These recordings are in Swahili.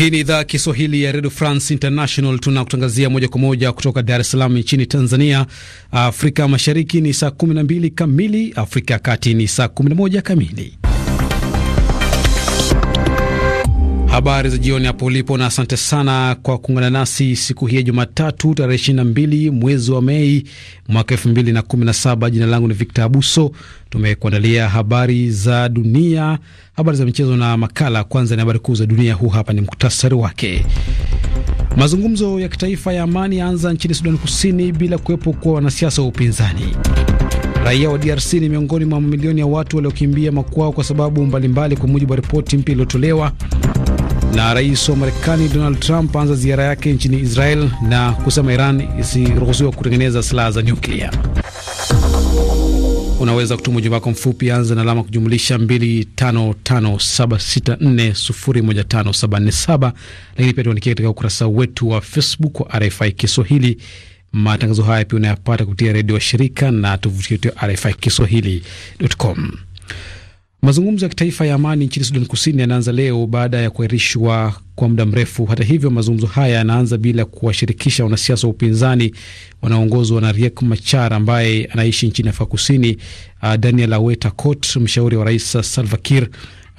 Hii ni idhaa Kiswahili ya redio France International. Tunakutangazia moja kwa moja kutoka Dar es Salaam nchini Tanzania. Afrika Mashariki ni saa 12 kamili, Afrika ya Kati ni saa 11 kamili. Habari za jioni hapo ulipo, na asante sana kwa kuungana nasi siku hii ya Jumatatu tarehe 22 mwezi wa Mei mwaka 2017. Jina langu ni Victor Abuso. Tumekuandalia habari za dunia, habari za michezo na makala. Kwanza ni habari kuu za dunia, huu hapa ni muktasari wake. Mazungumzo ya kitaifa ya amani yaanza nchini Sudan Kusini bila kuwepo kwa wanasiasa wa upinzani. Raia wa DRC ni miongoni mwa mamilioni ya watu waliokimbia makwao kwa sababu mbalimbali, kwa mujibu wa ripoti mpya iliyotolewa. Na rais wa Marekani Donald Trump aanza ziara yake nchini Israel na kusema Iran isiruhusiwa kutengeneza silaha za nyuklia. Unaweza kutuma ujumbe wako mfupi, anza na alama kujumlisha 255764015747. Lakini pia tuandikia katika ukurasa wetu wa Facebook wa RFI Kiswahili. Matangazo haya pia unayapata kupitia redio wa shirika na tovuti yetu ya RFI Kiswahili.com. Mazungumzo ya kitaifa ya amani nchini Sudan Kusini yanaanza leo baada ya kuahirishwa kwa muda mrefu. Hata hivyo, mazungumzo haya yanaanza bila kuwashirikisha wanasiasa wa upinzani wanaoongozwa na Riek Machar ambaye anaishi nchini Afrika Kusini. Uh, Daniel Aweta Cot, mshauri wa rais Salva Kiir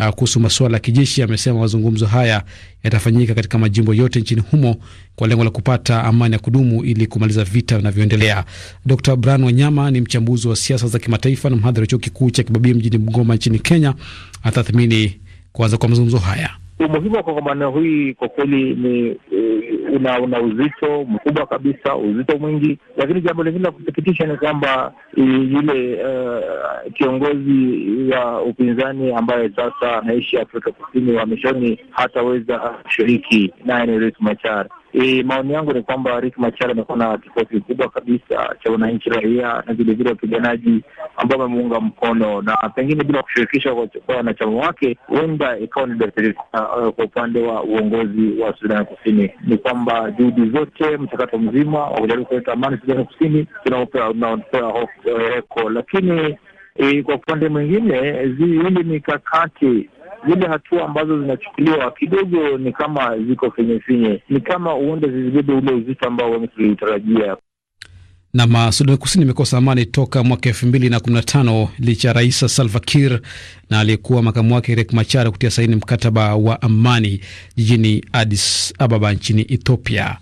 uh, kuhusu masuala ya kijeshi amesema mazungumzo haya yatafanyika katika majimbo yote nchini humo kwa lengo la kupata amani ya kudumu ili kumaliza vita vinavyoendelea. Dr bran Wanyama ni mchambuzi wa siasa za kimataifa na mhadhiri wa chuo kikuu cha Kibabii mjini Mgoma nchini Kenya. Atathmini kuanza kwa mazungumzo haya. Umuhimu wa kongamano hii kwa kweli ni eh, una una uzito mkubwa kabisa, uzito mwingi. Lakini jambo lingine la kusikitisha ni kwamba yule uh, kiongozi wa upinzani ambaye sasa anaishi Afrika Kusini, uhamishoni hataweza kushiriki naye ni Riek Machar. E, maoni yangu ni kwamba Riek Machar amekuwa na kikosi kikubwa kabisa cha wananchi, raia na vilevile wapiganaji ambao wamemuunga mkono, na pengine bila kushirikisha kwa wanachama wake huenda ikawa ni uh, kwa upande wa uongozi wa Sudani Kusini. Ni kwamba juhudi zote, mchakato mzima wa kujaribu kuleta amani Sudani Kusini tunaopewa heko, eh, lakini e, kwa upande mwingine eh, hili mikakati zile hatua ambazo zinachukuliwa kidogo ni kama ziko finye, ni kama uende zizibebe ule uzito ambao wengi tulitarajia. Nam, Sudan Kusini imekosa amani toka mwaka elfu mbili na kumi na tano licha ya Rais Salva Kiir na aliyekuwa makamu wake Riek Machar kutia saini mkataba wa amani jijini Addis Ababa nchini Ethiopia.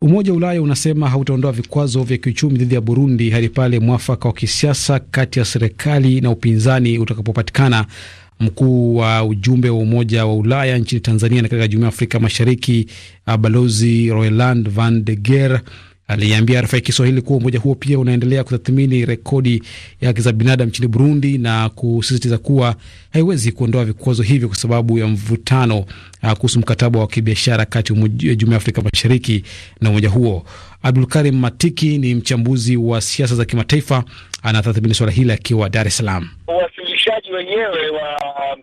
Umoja wa Ulaya unasema hautaondoa vikwazo vya kiuchumi dhidi ya Burundi hadi pale mwafaka wa kisiasa kati ya serikali na upinzani utakapopatikana, Mkuu wa ujumbe wa Umoja wa Ulaya nchini Tanzania na katika Jumuiya ya Afrika Mashariki, uh, Balozi Roland van de Geer aliambia RFI Kiswahili kuwa umoja huo pia unaendelea kutathmini rekodi ya haki za binadamu nchini Burundi na kusisitiza kuwa haiwezi kuondoa vikwazo hivyo kwa sababu ya mvutano uh, kuhusu mkataba wa kibiashara kati ya Jumuiya ya Afrika Mashariki na umoja huo. Abdul Karim Matiki ni mchambuzi wa siasa za kimataifa, anatathmini suala hili akiwa Dar es Salaam uwasilishaji wenyewe wa,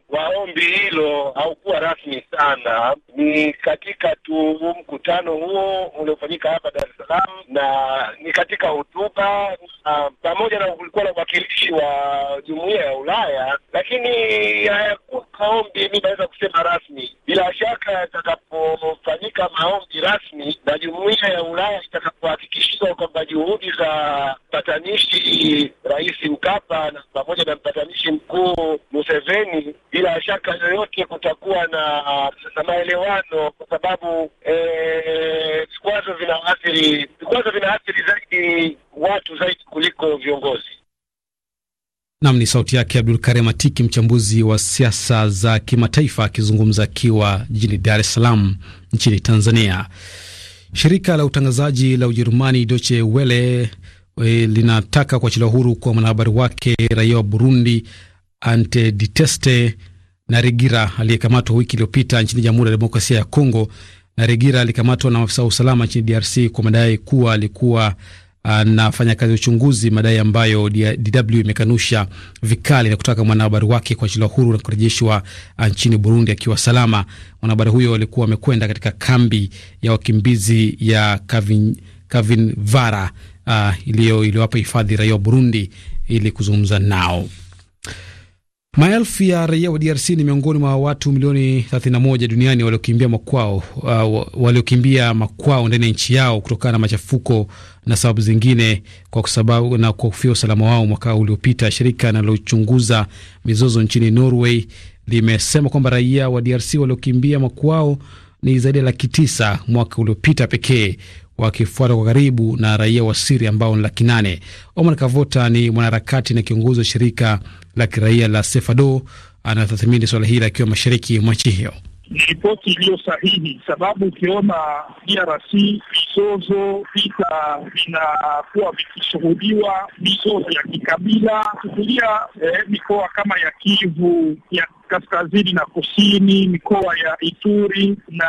wa ombi hilo haukuwa rasmi sana. Ni katika tu mkutano huo uliofanyika hapa Dar es Salaam, na ni katika hotuba pamoja na kulikuwa na uwakilishi wa jumuiya ya Ulaya, lakini hayakuwa maombi, mi naweza kusema rasmi. Bila shaka yatakapofanyika maombi rasmi na jumuiya kabisa kwamba juhudi za mpatanishi Rais Mkapa na pamoja na mpatanishi mkuu Museveni, bila shaka yoyote kutakuwa na, na maelewano kwa sababu e, vikwazo e, vinaathiri vikwazo vinaathiri zaidi watu zaidi kuliko viongozi. Nam ni sauti yake Abdul Karim Atiki, mchambuzi wa siasa za kimataifa akizungumza akiwa jijini Dar es Salaam nchini Tanzania. Shirika la utangazaji la Ujerumani Deutsche Welle eh, linataka kuachiliwa huru kwa mwanahabari wake raia wa Burundi Antediteste Narigira aliyekamatwa wiki iliyopita nchini Jamhuri ya Demokrasia ya Kongo. Narigira alikamatwa na maafisa wa usalama nchini DRC kwa madai kuwa alikuwa anafanya ah, kazi ya uchunguzi, madai ambayo DW imekanusha vikali na kutaka mwanahabari wake kuachiliwa huru na kurejeshwa ah, nchini Burundi akiwa salama. Mwanahabari huyo alikuwa amekwenda katika kambi ya wakimbizi ya Kavin, Kavin Vara uh, ah, iliyowapa hifadhi raia wa Burundi ili kuzungumza nao. Maelfu ya raia wa DRC ni miongoni mwa watu milioni 31 duniani waliokimbia makwao, uh, waliokimbia makwao ndani ya nchi yao kutokana na machafuko na sababu zingine kwa sababu na kwa kufia usalama wao mwaka uliopita. Shirika linalochunguza mizozo nchini Norway limesema kwamba raia wa DRC waliokimbia makwao ni zaidi ya laki tisa mwaka uliopita pekee, wakifuata kwa karibu na raia wa Siria ambao ni laki nane. Omar Kavota ni mwanaharakati na kiongozi wa shirika la kiraia la Sefado, anatathmini swala hili akiwa mashariki mwa nchi hiyo ni ripoti iliyo sahihi, sababu ukiona DRC vizozo vita vinakuwa vikishuhudiwa, mizozo ya kikabila, kukulia eh, mikoa kama ya Kivu ya kaskazini na kusini, mikoa ya Ituri na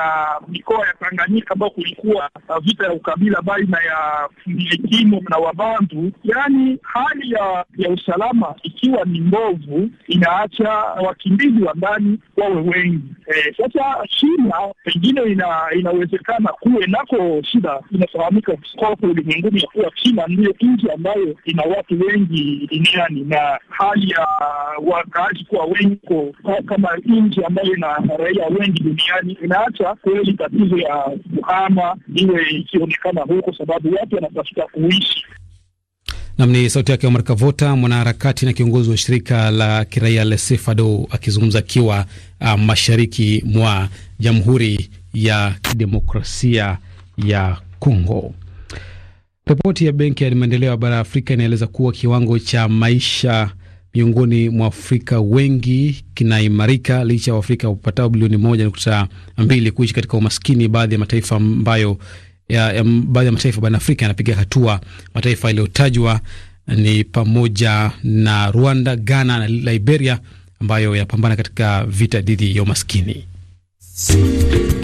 mikoa ya Tanganyika, ambao kulikuwa vita ya ukabila baina ya Mbilikimo na Wabantu. Yaani hali ya, ya usalama ikiwa ni mbovu, inaacha wakimbizi wa ndani wawe wengi. E, sasa China pengine ina, inawezekana kuwe nako shida. Inafahamika koko ulimwenguni ya kuwa China ndiyo nchi ambayo ina watu wengi duniani na hali ya wakaaji kuwa wengi kama nchi ambayo ina raia wengi duniani, inaacha kweli tatizo ya kuhama iwe ikionekana huko, sababu watu wanatafuta kuishi. Nam ni sauti yake Omar Kavota, mwanaharakati na kiongozi wa shirika la kiraia la Sefado akizungumza akiwa uh, mashariki mwa Jamhuri ya Kidemokrasia ya Kongo. Ripoti ya Benki ya Maendeleo ya Bara ya Afrika inaeleza kuwa kiwango cha maisha miongoni mwa Afrika wengi kinaimarika licha ya Waafrika upatao bilioni moja nukta mbili kuishi katika umaskini. Baadhi ya mataifa ambayo baadhi ya mataifa barani Afrika yanapiga hatua. Mataifa yaliyotajwa ni pamoja na Rwanda, Ghana na Liberia ambayo yanapambana katika vita dhidi ya umaskini.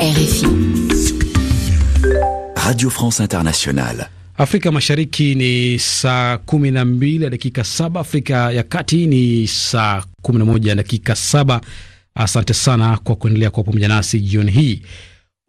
RFI Radio France Internationale Afrika Mashariki ni saa kumi na mbili na dakika saba. Afrika ya Kati ni saa kumi na moja na dakika saba. Asante sana kwa kuendelea kuwa pamoja nasi jioni hii.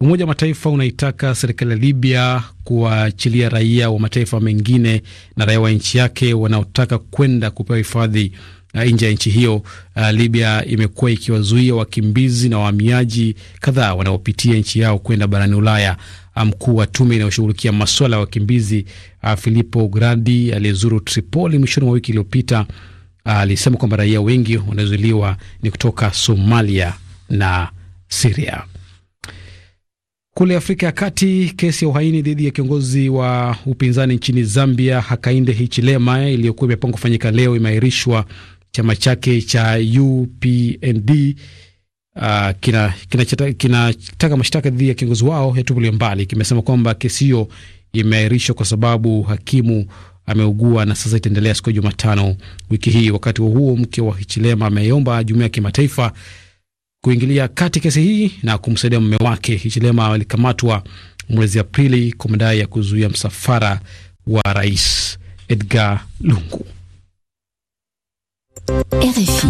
Umoja wa Mataifa unaitaka serikali ya Libya kuwaachilia raia wa mataifa mengine na raia wa nchi yake wanaotaka kwenda kupewa hifadhi uh, nje ya nchi hiyo. Uh, Libya imekuwa ikiwazuia wakimbizi na wahamiaji kadhaa wanaopitia nchi yao kwenda barani Ulaya. Uh, mkuu wa tume inayoshughulikia maswala ya wakimbizi uh, Filippo Grandi aliyezuru Tripoli mwishoni mwa wiki iliyopita uh, alisema uh, kwamba raia wengi wanaozuiliwa ni kutoka Somalia na Siria. Kule Afrika ya Kati, kesi ya uhaini dhidi ya kiongozi wa upinzani nchini Zambia Hakainde Hichilema iliyokuwa imepangwa kufanyika leo imeahirishwa. Chama chake cha UPND uh, kinataka kina kina mashtaka dhidi ya kiongozi wao yatupiliwe mbali. Kimesema kwamba kesi hiyo imeahirishwa kwa sababu hakimu ameugua na sasa itaendelea siku ya Jumatano wiki hii. Wakati huo huo, mke wa Hichilema ameomba jumuiya ya kimataifa kuingilia kati kesi hii na kumsaidia mume wake. Hichilema alikamatwa mwezi Aprili kwa madai ya kuzuia msafara wa rais Edgar Lungu. RFI.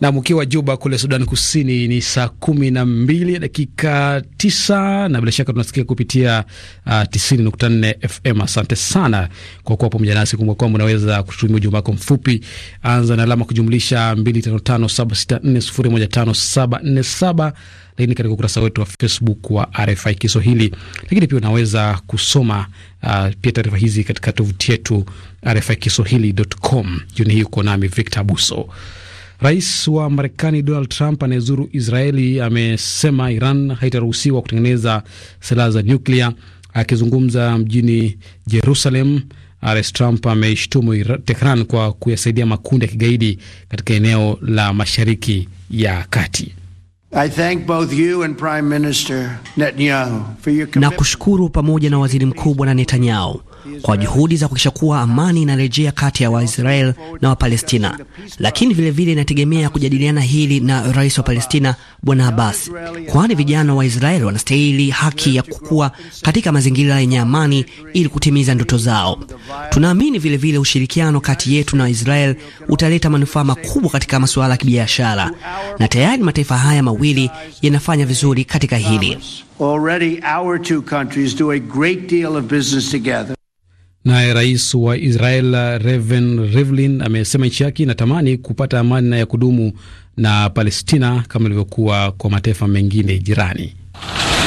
na mkiwa Juba kule Sudan Kusini ni saa kumi na mbili dakika tisa na bila shaka tunasikia kupitia uh, tisini nukta nne FM. Asante sana kwa kuwa pamoja nasi. Kumbuka kwamba unaweza kutumia ujumbe wako mfupi, anza na alama kujumlisha mbili tano tano saba sita nne sufuri moja tano saba nne saba lakini katika ukurasa wetu wa Facebook wa RFI Kiswahili, lakini pia unaweza kusoma uh, pia taarifa hizi katika tovuti yetu RFI Kiswahili.com. Jioni hii uko nami Victor Buso. Rais wa Marekani Donald Trump anayezuru Israeli amesema Iran haitaruhusiwa kutengeneza silaha za nyuklia. Akizungumza mjini Jerusalem, Rais Trump ameishtumu Tehran kwa kuyasaidia makundi ya kigaidi katika eneo la Mashariki ya Kati. Nakushukuru kushukuru pamoja na waziri mkuu Bwana Netanyahu kwa juhudi za kuhakikisha kuwa amani inarejea kati ya Waisrael na Wapalestina, lakini vilevile inategemea kujadiliana hili na rais wa Palestina Bwana Abbas, kwani vijana wa Israel wanastahili haki ya kukua katika mazingira yenye amani ili kutimiza ndoto zao. Tunaamini vilevile ushirikiano kati yetu na Israel utaleta manufaa makubwa katika masuala ya kibiashara, na tayari mataifa haya mawili yanafanya vizuri katika hili. Already our two countries do a great deal of business together. Naye rais wa Israel reven Rivlin amesema nchi yake inatamani kupata amani na ya kudumu na Palestina kama ilivyokuwa kwa mataifa mengine jirani.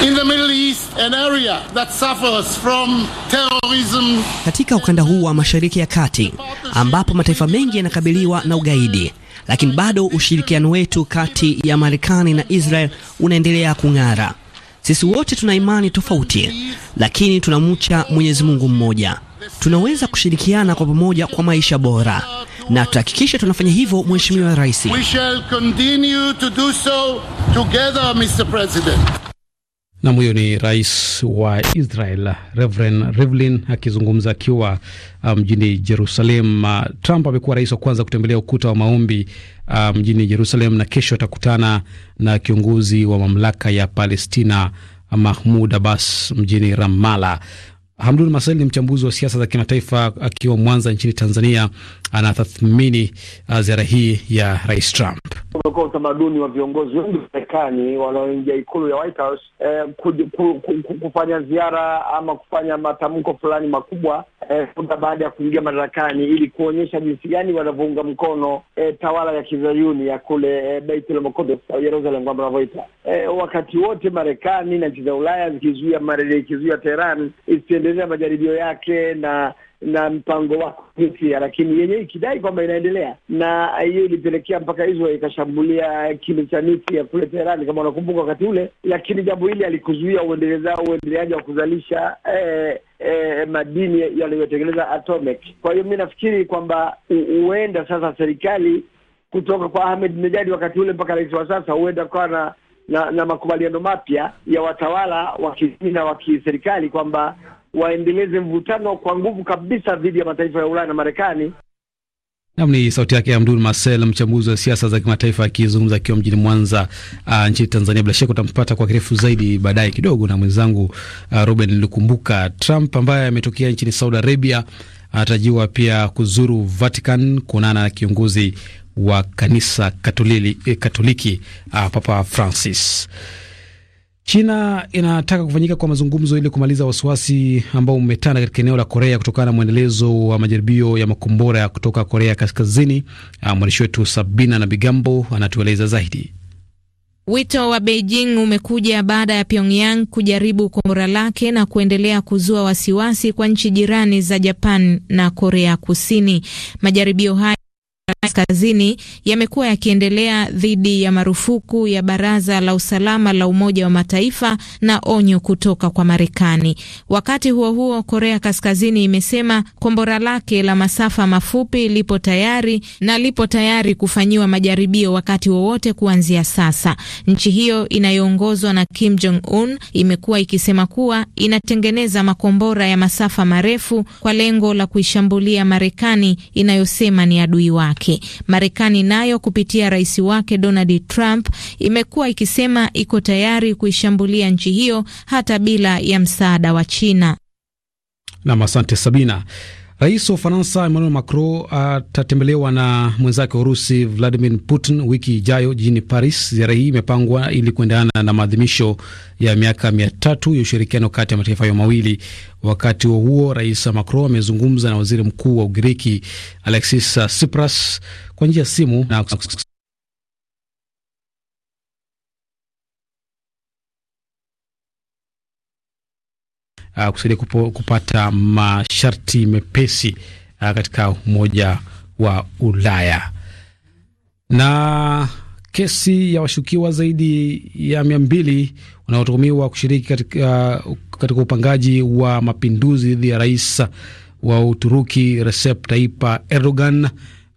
In the Middle East, an area that suffers from terrorism. Katika ukanda huu wa Mashariki ya Kati ambapo mataifa mengi yanakabiliwa na ugaidi, lakini bado ushirikiano wetu kati ya Marekani na Israel unaendelea kung'ara. Sisi wote tuna imani tofauti, lakini tunamcha Mwenyezi Mungu mmoja tunaweza kushirikiana kwa pamoja kwa maisha bora, na tutahakikisha tunafanya hivyo, Mheshimiwa Rais. We shall continue to do so together, Mr. President. Nam, huyo ni rais wa Israel Reverend Rivlin akizungumza akiwa uh, mjini um, Jerusalem. Uh, Trump amekuwa rais wa kwanza kutembelea ukuta wa maombi uh, mjini um, Jerusalem, na kesho atakutana na kiongozi wa mamlaka ya Palestina Mahmud Abbas mjini Ramala. Hamdun Masel ni mchambuzi wa siasa za kimataifa akiwa Mwanza nchini Tanzania, anatathmini uh, ziara hii ya Rais Trump. Umekuwa utamaduni wa viongozi wengi wa Marekani wanaoingia ikulu ya White House eh, ku, ku, ku, kufanya ziara ama kufanya matamko fulani makubwa eh, baada ya kuingia madarakani ili kuonyesha jinsi gani wanavyounga mkono eh, tawala ya kizayuni ya kule eh, Baitul au eh, Yerusalem kwamba wanavyoita eh, wakati wote Marekani na nchi za Ulaya zikizuia Teheran isiende kuelezea majaribio yake na na mpango wako jinsia, lakini yenye ikidai kwamba inaendelea, na hiyo ilipelekea mpaka Israel ikashambulia kile cha niti ya kule Teherani, kama unakumbuka wakati ule. Lakini jambo hili alikuzuia uendelezao uendeleaji wa kuzalisha eh, eh, madini yaliyotengeneza atomic. Kwa hiyo mi nafikiri kwamba huenda sasa serikali kutoka kwa nejadi wakati ule mpaka rais wa sasa huenda ukawa na na, na makubaliano mapya ya watawala wa kidini na wa kiserikali kwamba waendeleze mvutano kwa nguvu kabisa dhidi ya mataifa ya Ulaya na Marekani. Nam ni sauti yake Abdul Marcel, mchambuzi wa siasa za kimataifa akizungumza akiwa mjini Mwanza, uh, nchini Tanzania. Bila shaka utampata kwa kirefu zaidi baadaye kidogo na mwenzangu uh, Ruben Lukumbuka. Trump ambaye ametokea nchini Saudi Arabia anatarajiwa pia kuzuru Vatican kuonana na kiongozi wa kanisa Katolili, eh, Katoliki uh, Papa Francis. China inataka kufanyika kwa mazungumzo ili kumaliza wasiwasi ambao umetanda katika eneo la Korea kutokana na mwendelezo wa majaribio ya makombora kutoka Korea Kaskazini. Ah, mwandishi wetu Sabina na Bigambo anatueleza zaidi. Wito wa Beijing umekuja baada ya Pyongyang kujaribu kombora lake na kuendelea kuzua wasiwasi kwa nchi jirani za Japan na Korea Kusini. Majaribio haya Kaskazini yamekuwa yakiendelea dhidi ya marufuku ya Baraza la Usalama la Umoja wa Mataifa na onyo kutoka kwa Marekani. Wakati huo huo, Korea Kaskazini imesema kombora lake la masafa mafupi lipo tayari na lipo tayari kufanyiwa majaribio wakati wowote kuanzia sasa. Nchi hiyo inayoongozwa na Kim Jong Un imekuwa ikisema kuwa inatengeneza makombora ya masafa marefu kwa lengo la kuishambulia Marekani inayosema ni adui wake. Marekani nayo kupitia rais wake Donald Trump imekuwa ikisema iko tayari kuishambulia nchi hiyo hata bila ya msaada wa China. Nam, asante Sabina. Rais wa Ufaransa Emmanuel Macron atatembelewa na mwenzake wa Urusi Vladimir Putin wiki ijayo jijini Paris. Ziara hii imepangwa ili kuendeana na maadhimisho ya miaka mia tatu ya ushirikiano kati ya mataifa hayo mawili. Wakati huo huo, Rais Macron amezungumza na waziri mkuu wa Ugiriki Alexis Tsipras kwa njia ya simu na uh, kusaidia kupata masharti mepesi uh, katika Umoja wa Ulaya. Na kesi ya washukiwa zaidi ya mia mbili wanaotuhumiwa kushiriki katika, uh, katika upangaji wa mapinduzi dhidi ya rais wa Uturuki Recep Tayyip Erdogan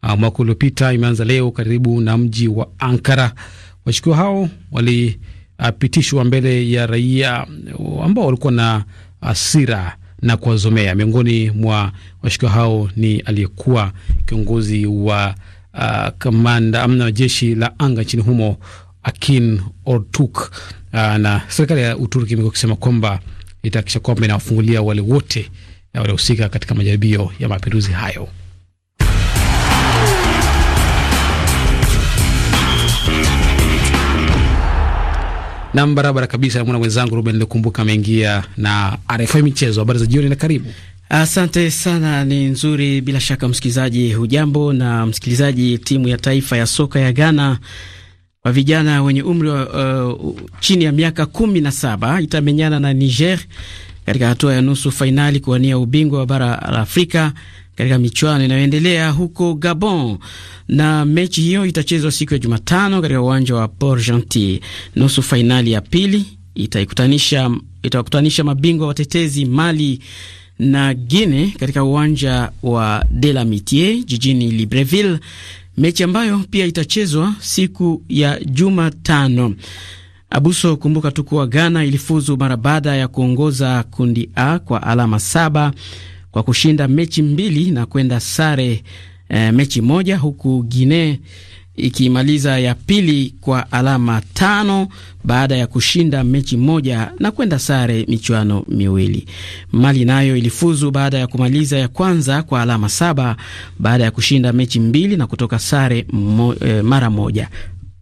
uh, mwaka uliopita imeanza leo karibu na mji wa Ankara. Washukiwa hao walipitishwa mbele ya raia ambao walikuwa na hasira na kuwazomea. Miongoni mwa washukiwa hao ni aliyekuwa kiongozi wa uh, kamanda amna wa jeshi la anga nchini humo Akin Ortuk. Uh, na serikali ya Uturuki imekuwa ikisema kwamba itahakikisha kwamba inawafungulia wale wote waliohusika katika majaribio ya mapinduzi hayo. Nam, barabara kabisa. Namwona mwenzangu Ruben Lukumbuka ameingia na RFI Michezo. Habari za jioni na karibu. Asante sana, ni nzuri bila shaka. Msikilizaji hujambo, na msikilizaji, timu ya taifa ya soka ya Ghana wa vijana wenye umri wa uh, chini ya miaka kumi na saba itamenyana na Niger katika hatua ya nusu fainali kuwania ubingwa wa bara la Afrika katika michuano inayoendelea huko Gabon, na mechi hiyo itachezwa siku ya Jumatano katika uwanja wa Port Gentil. Nusu fainali ya pili itaikutanisha itawakutanisha mabingwa watetezi Mali na Guinea katika uwanja wa De la Mitie jijini Libreville, mechi ambayo pia itachezwa siku ya Jumatano. Abuso, kumbuka tu kuwa Ghana ilifuzu mara baada ya kuongoza kundi A kwa alama saba kwa kushinda mechi mbili na kwenda sare e, mechi moja, huku Guinea ikimaliza ya pili kwa alama tano baada ya kushinda mechi moja na kwenda sare michuano miwili. Mali nayo ilifuzu baada ya kumaliza ya kwanza kwa alama saba baada ya kushinda mechi mbili na kutoka sare mo, e, mara moja.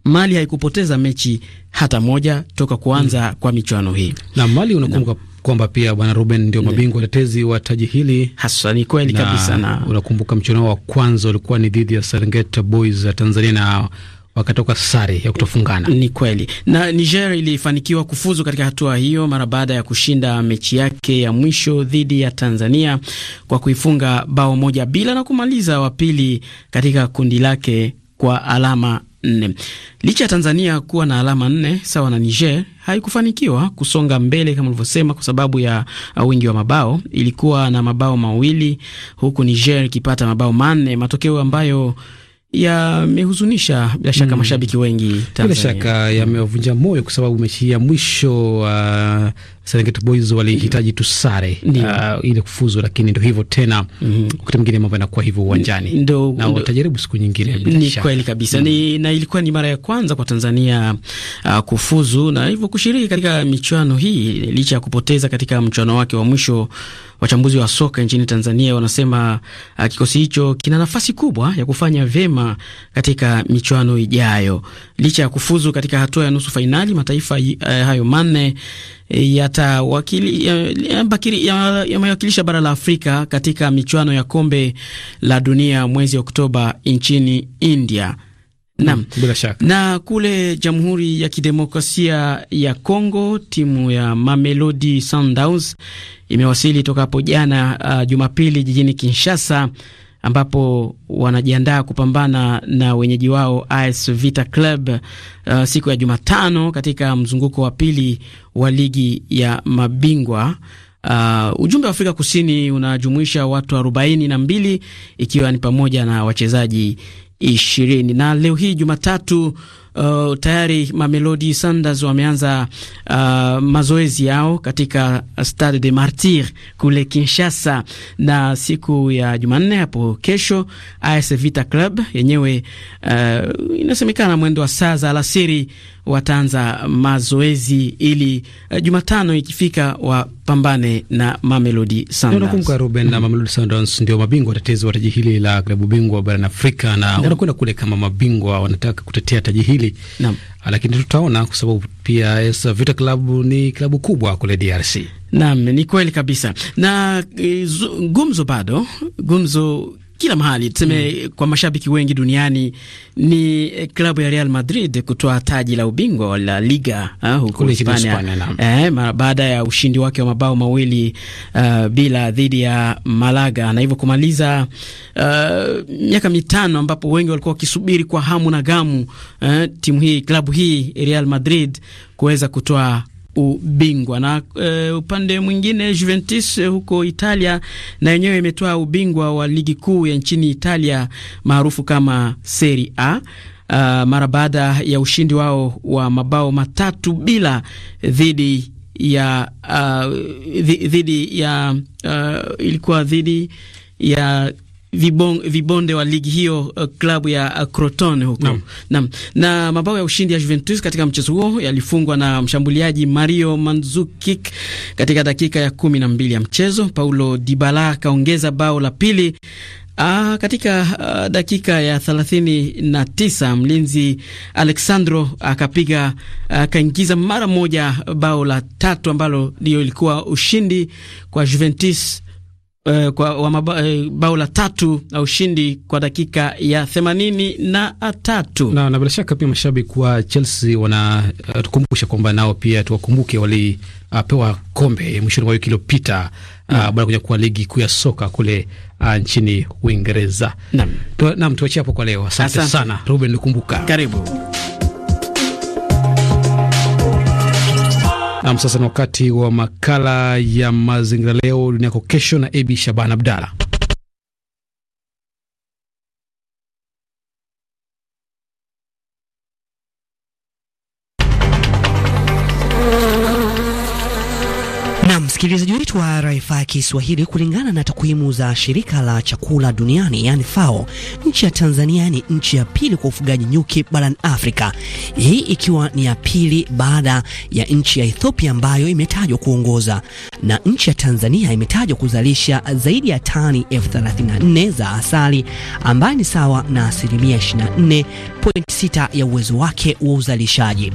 Mali haikupoteza mechi hata moja toka kuanza hmm, kwa michuano hii na Mali unakumbuka kwamba pia bwana Ruben ndio mabingwa watetezi wa taji hili haswa. Ni kweli kabisa, na unakumbuka mchuano wa kwanza ulikuwa ni dhidi ya Serengeti Boys ya Tanzania na wakatoka sare ya kutofungana. Ni kweli, na Niger ilifanikiwa kufuzu katika hatua hiyo mara baada ya kushinda mechi yake ya mwisho dhidi ya Tanzania kwa kuifunga bao moja bila na kumaliza wapili katika kundi lake kwa alama nne. Licha ya Tanzania kuwa na alama nne sawa na Niger, haikufanikiwa kusonga mbele kama ulivyosema, kwa sababu ya uh, wingi wa mabao. Ilikuwa na mabao mawili huku Niger ikipata mabao manne, matokeo ambayo yamehuzunisha bila shaka mm, mashabiki wengi Tanzania. Bila shaka yamewavunja moyo kwa sababu mechi ya mwisho uh, Serengeti Boys walihitaji tu tusare uh, ah, ili kufuzu, lakini ndio hivyo tena. mm -hmm. Wakati mwingine mambo yanakuwa hivyo uwanjani, ndo na watajaribu siku nyingine. Ni kweli kabisa. mm -hmm. Ni, na ilikuwa ni mara ya kwanza kwa Tanzania uh, kufuzu na hivyo kushiriki katika michuano hii licha ya kupoteza katika mchuano wake wa mwisho. Wachambuzi wa soka nchini Tanzania wanasema uh, kikosi hicho kina nafasi kubwa ya kufanya vyema katika michuano ijayo. Licha ya kufuzu katika hatua ya nusu fainali, mataifa uh, hayo manne E, yamewakilisha ya bara la Afrika katika michuano ya kombe la dunia mwezi Oktoba nchini India. Naam. Mm, bila shaka. Na kule Jamhuri ya Kidemokrasia ya Kongo, timu ya Mamelodi Sundowns imewasili toka hapo jana uh, Jumapili jijini Kinshasa ambapo wanajiandaa kupambana na wenyeji wao AS Vita Club uh, siku ya Jumatano katika mzunguko wa pili wa ligi ya mabingwa. Uh, ujumbe wa Afrika Kusini unajumuisha watu arobaini na mbili ikiwa ni pamoja na wachezaji ishirini na leo hii Jumatatu uh, tayari Mamelodi Sanders wameanza uh, mazoezi yao katika Stade de martir kule Kinshasa, na siku ya Jumanne hapo kesho AS Vita Club yenyewe uh, inasemekana mwendo wa saa za alasiri wataanza mazoezi ili uh, Jumatano ikifika wapambane na Mamelodi Sundowns. Nakumbuka Ruben, na mhm. Mamelodi Sundowns ndio mabingwa watetezi wa taji hili la klabu bingwa barani Afrika na wanakwenda kule kama mabingwa, wanataka kutetea taji hili naam, ah, lakini tutaona kwa sababu pia AS Vita Club ni klabu kubwa kule DRC. Naam, ni kweli kabisa na eh, gumzo bado gumzo kila mahali tuseme, mm. kwa mashabiki wengi duniani ni eh, klabu ya Real Madrid kutoa taji la ubingwa la Liga ah, huko Hispania eh, baada ya ushindi wake wa mabao mawili uh, bila dhidi ya Malaga na hivyo kumaliza uh, miaka mitano ambapo wengi walikuwa wakisubiri kwa hamu na gamu uh, timu hii klabu hii Real Madrid kuweza kutoa ubingwa na uh, upande mwingine Juventus eh, huko Italia na yenyewe imetoa ubingwa wa ligi kuu ya nchini Italia maarufu kama Serie A. Uh, mara baada ya ushindi wao wa mabao matatu bila dhidi ya uh, dhidi ya uh, ilikuwa dhidi ya vibong, vibonde wa ligi hiyo uh, klabu ya uh, Croton huko no. na, na mabao ya ushindi ya Juventus katika mchezo huo yalifungwa na mshambuliaji Mario Mandzukic katika dakika ya kumi na mbili ya mchezo. Paulo Dybala akaongeza bao la pili Ah, katika uh, dakika ya thelathini na tisa mlinzi Alexandro akapiga uh, akaingiza mara moja bao la tatu ambalo ndio ilikuwa ushindi kwa Juventus eh, kwa wa maba, eh, bao la tatu na ushindi kwa dakika ya themanini na tatu na, na bila shaka pia mashabiki wa Chelsea wana uh, kwamba nao pia tuwakumbuke walipewa ah, uh, kombe mwishoni mwa wiki iliyopita uh, baada ya kuja kuwa ligi kuu ya soka kule uh, nchini Uingereza. Naam, tuachie hapo kwa leo. Asante sana Ruben, nikumbuka karibu Nam, sasa ni wakati wa makala ya mazingira, leo dunia yako kesho, na Abi Shaban Abdalla. Msikilizaji wetu wa RFI Kiswahili, kulingana na takwimu za shirika la chakula duniani yani FAO, nchi ya Tanzania ni nchi ya pili kwa ufugaji nyuki barani Afrika, hii ikiwa ni ya pili baada ya nchi ya Ethiopia ambayo imetajwa kuongoza, na nchi ya Tanzania imetajwa kuzalisha zaidi ya tani elfu za asali ambayo ni sawa na asilimia 24.6 ya uwezo wake wa uzalishaji.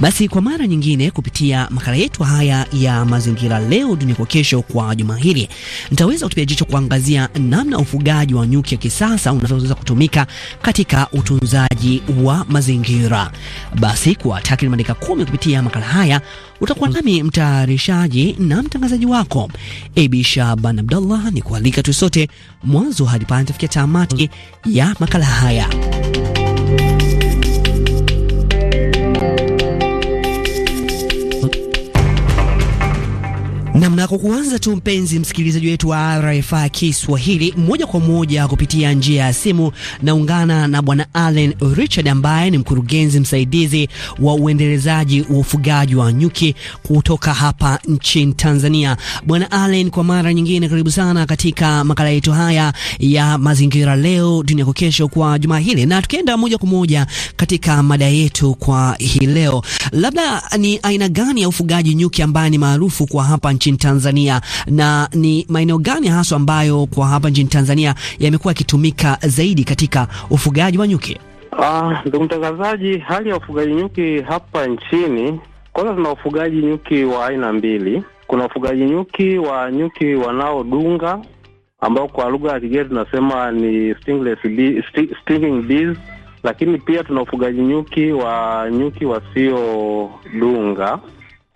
Basi kwa mara nyingine kupitia makala yetu haya ya mazingira leo leo dunia kwa kesho. Kwa juma hili nitaweza kutupia jicho kuangazia namna ufugaji wa nyuki ya kisasa unavyoweza kutumika katika utunzaji wa mazingira. Basi kwa takriban dakika kumi kupitia makala haya utakuwa nami mtayarishaji na mtangazaji wako Abi Shaban Abdallah, ni kualika tu sote mwanzo hadi pale tafikia tamati ya makala haya. na mnako kuanza tu, mpenzi msikilizaji wetu wa RFA Kiswahili, moja kwa moja kupitia njia ya simu, naungana na Bwana Allen Richard ambaye ni mkurugenzi msaidizi wa uendelezaji wa ufugaji wa nyuki kutoka hapa nchini Tanzania. Bwana Allen, kwa mara nyingine, karibu sana katika makala yetu haya ya mazingira leo dunia yako kesho kwa juma hili, na tukienda moja kwa moja katika mada yetu kwa hii leo, labda ni aina gani ya ufugaji nyuki ambaye ni maarufu kwa hapa nchini Tanzania, na ni maeneo gani haswa ambayo kwa hapa nchini Tanzania yamekuwa yakitumika zaidi katika ufugaji wa nyuki? Ah, ndugu mtangazaji, hali ya ufugaji nyuki hapa nchini, kwanza tuna ufugaji nyuki wa aina mbili. Kuna ufugaji nyuki wa nyuki wanaodunga ambao kwa lugha ya kigeni tunasema ni stingless bee, stinging bees, lakini pia tuna ufugaji nyuki wa nyuki wasiodunga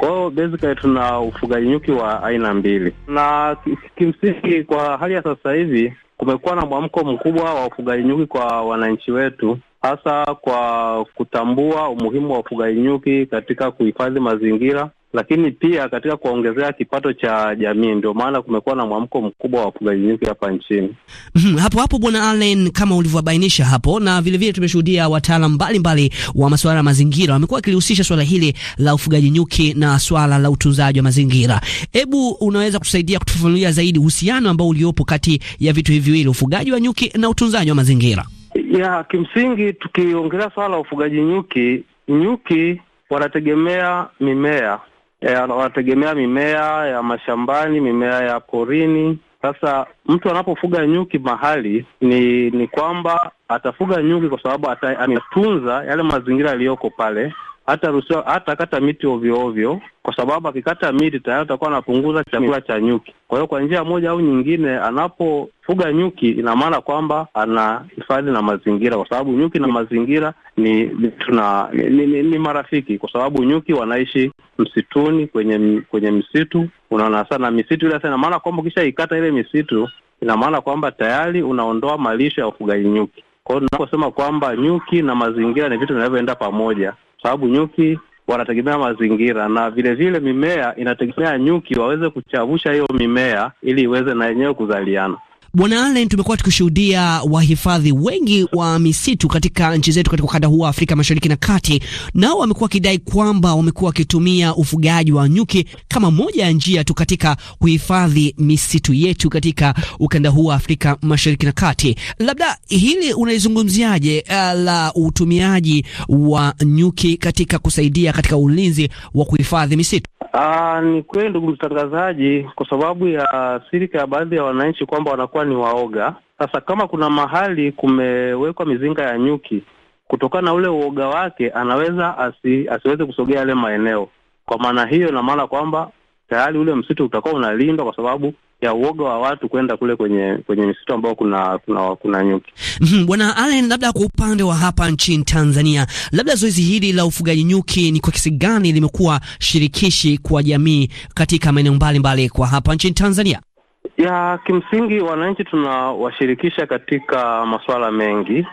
kwa hiyo basically tuna ufugaji nyuki wa aina mbili, na kimsingi kwa hali ya sasa hivi kumekuwa na mwamko mkubwa wa ufugaji nyuki kwa wananchi wetu, hasa kwa kutambua umuhimu wa ufugaji nyuki katika kuhifadhi mazingira lakini pia katika kuwaongezea kipato cha jamii. Ndio maana kumekuwa na mwamko mkubwa wa wafugaji nyuki hapa nchini. Mm, hapo hapo Bwana Allen, kama ulivyobainisha hapo, na vilevile tumeshuhudia wataalam mbalimbali wa masuala ya mazingira wamekuwa wakilihusisha swala hili la ufugaji nyuki na swala la utunzaji wa mazingira. Hebu unaweza kutusaidia kutufafanulia zaidi uhusiano ambao uliopo kati ya vitu hivi viwili, ufugaji wa nyuki na utunzaji wa mazingira? Ya kimsingi, tukiongelea swala la ufugaji nyuki, nyuki wanategemea mimea wanategemea mimea ya mashambani, mimea ya porini. Sasa mtu anapofuga nyuki mahali ni ni kwamba atafuga nyuki kwa sababu ametunza yale mazingira yaliyoko pale hataruhusiwa hata kata miti ovyo ovyo, kwa sababu akikata miti tayari utakuwa anapunguza chakula cha nyuki. Kwa hiyo kwa njia moja au nyingine, anapofuga nyuki, ina maana kwamba ana hifadhi na mazingira, kwa sababu nyuki na mazingira ni tuna, ni, ni, ni marafiki, kwa sababu nyuki wanaishi msituni, kwenye kwenye misitu. Unaona sana misitu ile, ina maana kwamba ukishaikata ile misitu, ina maana kwamba tayari unaondoa malisho ya ufugaji nyuki. Kwa hiyo tunaposema kwamba nyuki na mazingira ni vitu vinavyoenda pamoja sababu nyuki wanategemea mazingira na vilevile vile mimea inategemea nyuki waweze kuchavusha hiyo mimea ili iweze na yenyewe kuzaliana. Bwana Allen, tumekuwa tukishuhudia wahifadhi wengi wa misitu katika nchi zetu katika ukanda huu wa Afrika Mashariki na Kati, nao wamekuwa wakidai kwamba wamekuwa wakitumia ufugaji wa nyuki kama moja ya njia tu katika kuhifadhi misitu yetu katika ukanda huu wa Afrika Mashariki na Kati. Labda hili unaizungumziaje eh, la utumiaji wa nyuki katika kusaidia katika ulinzi wa kuhifadhi misitu? Aa, ah, ni kweli ndugu mtangazaji, kwa sababu ya sirika ya baadhi ya wananchi kwamba wanakuwa ni waoga. Sasa kama kuna mahali kumewekwa mizinga ya nyuki, kutokana na ule uoga wake anaweza asi, asiweze kusogea yale maeneo. Kwa maana hiyo, ina maana kwamba tayari ule msitu utakuwa unalindwa kwa sababu ya uoga wa watu kwenda kule kwenye kwenye misitu ambao kuna kuna, kuna nyuki. Mhm, Bwana Allen, labda kwa upande wa hapa nchini Tanzania, labda zoezi hili la ufugaji nyuki ni kwa kiasi gani limekuwa shirikishi kwa jamii katika maeneo mbalimbali kwa hapa nchini Tanzania? Ya kimsingi, wananchi tunawashirikisha katika masuala mengi.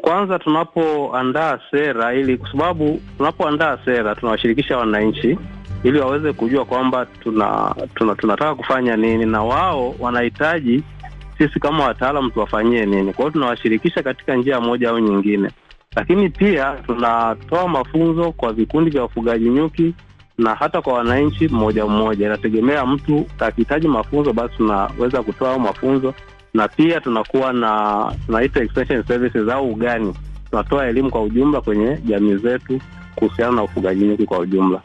Kwanza tunapoandaa sera ili, kwa sababu tunapoandaa sera tunawashirikisha wananchi ili waweze kujua kwamba tuna, tuna tunataka kufanya nini na wao wanahitaji sisi kama wataalam tuwafanyie nini. Kwa hiyo tunawashirikisha katika njia moja au nyingine, lakini pia tunatoa mafunzo kwa vikundi vya wafugaji nyuki na hata kwa wananchi mmoja mmoja. Inategemea mtu akihitaji mafunzo, basi tunaweza kutoa mafunzo, na pia tunakuwa na tunaita extension services au ugani, tunatoa elimu kwa ujumla kwenye jamii zetu kuhusiana na ufugaji nyuki kwa ujumla.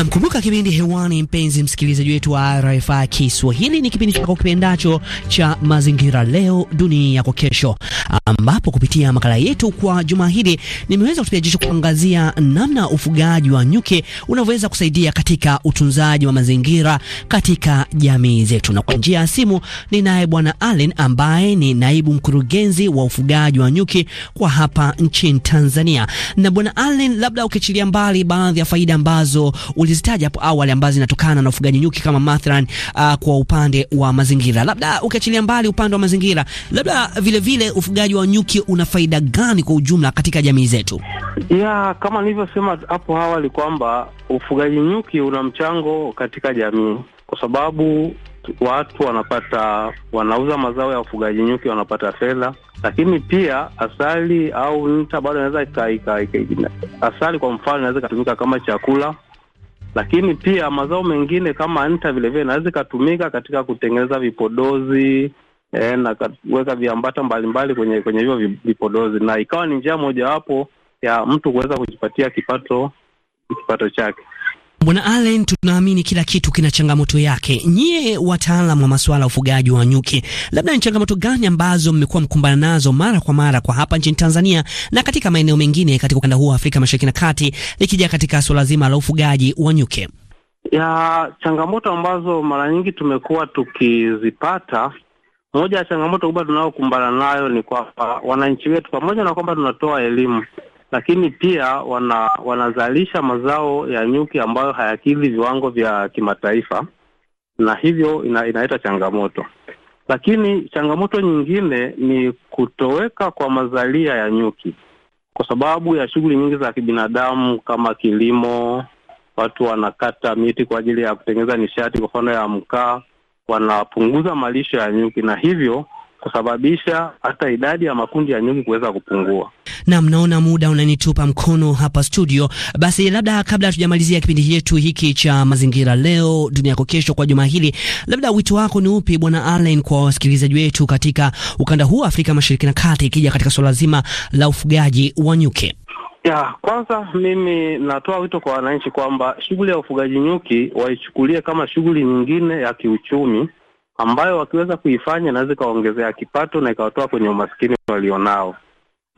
mkumbuka kipindi hewani, mpenzi msikilizaji wetu wa RFI Kiswahili, ni kipindi chako kipendacho cha mazingira, leo dunia yako kesho, ambapo kupitia makala yetu kwa juma hili nimeweza kutupia jicho kuangazia namna ufugaji wa nyuki unavyoweza kusaidia katika utunzaji wa mazingira katika jamii zetu, na kwa njia ya simu ni naye Bwana Allen ambaye ni naibu mkurugenzi wa ufugaji wa nyuki kwa hapa nchini Tanzania. Na Bwana Allen, labda ukiachilia mbali baadhi ya faida ambazo ulizitaja hapo awali ambazo zinatokana na ufugaji nyuki kama mathalan uh, kwa upande wa mazingira, labda ukiachilia mbali upande wa mazingira, labda vile vile ufugaji wa nyuki una faida gani kwa ujumla katika jamii zetu? Ya, kama nilivyosema hapo awali kwamba ufugaji nyuki una mchango katika jamii kwa sababu watu wanapata wanauza mazao ya ufugaji nyuki, wanapata fedha, lakini pia asali au nta bado inaweza asali, kwa mfano, inaweza ikatumika kama chakula lakini pia mazao mengine kama nta vilevile inaweza ikatumika katika kutengeneza vipodozi eh, na kuweka viambata mbalimbali kwenye kwenye hivyo vipodozi, na ikawa ni njia mojawapo ya mtu kuweza kujipatia kipato kipato chake. Bwana Allen, tunaamini kila kitu kina changamoto yake. Nyie wataalamu wa masuala ya ufugaji wa nyuki, labda ni changamoto gani ambazo mmekuwa mkumbana nazo mara kwa mara kwa hapa nchini Tanzania na katika maeneo mengine katika ukanda huu wa Afrika Mashariki na Kati, likija katika suala zima la ufugaji wa nyuki? Ya changamoto ambazo mara nyingi tumekuwa tukizipata, moja ya changamoto kubwa tunayokumbana nayo ni kwamba wananchi wetu, pamoja na kwamba tunatoa elimu lakini pia wana, wanazalisha mazao ya nyuki ambayo hayakidhi viwango vya kimataifa na hivyo ina, inaleta changamoto. Lakini changamoto nyingine ni kutoweka kwa mazalia ya nyuki kwa sababu ya shughuli nyingi za kibinadamu kama kilimo. Watu wanakata miti kwa ajili ya kutengeneza nishati, kwa mfano ya mkaa, wanapunguza malisho ya nyuki na hivyo kusababisha hata idadi ya makundi ya nyuki kuweza kupungua. Naam, naona muda unanitupa mkono hapa studio. Basi labda kabla hatujamalizia kipindi chetu hiki cha mazingira leo dunia yako kesho kwa juma hili, labda wito wako ni upi Bwana Allen kwa wasikilizaji wetu katika ukanda huu wa Afrika Mashariki na Kati, ikija katika suala zima la ufugaji wa nyuki? Ya kwanza mimi natoa wito kwa wananchi kwamba shughuli ya ufugaji nyuki waichukulie kama shughuli nyingine ya kiuchumi ambayo wakiweza kuifanya inaweza ikaongezea kipato na ikawatoa kwenye umaskini walionao,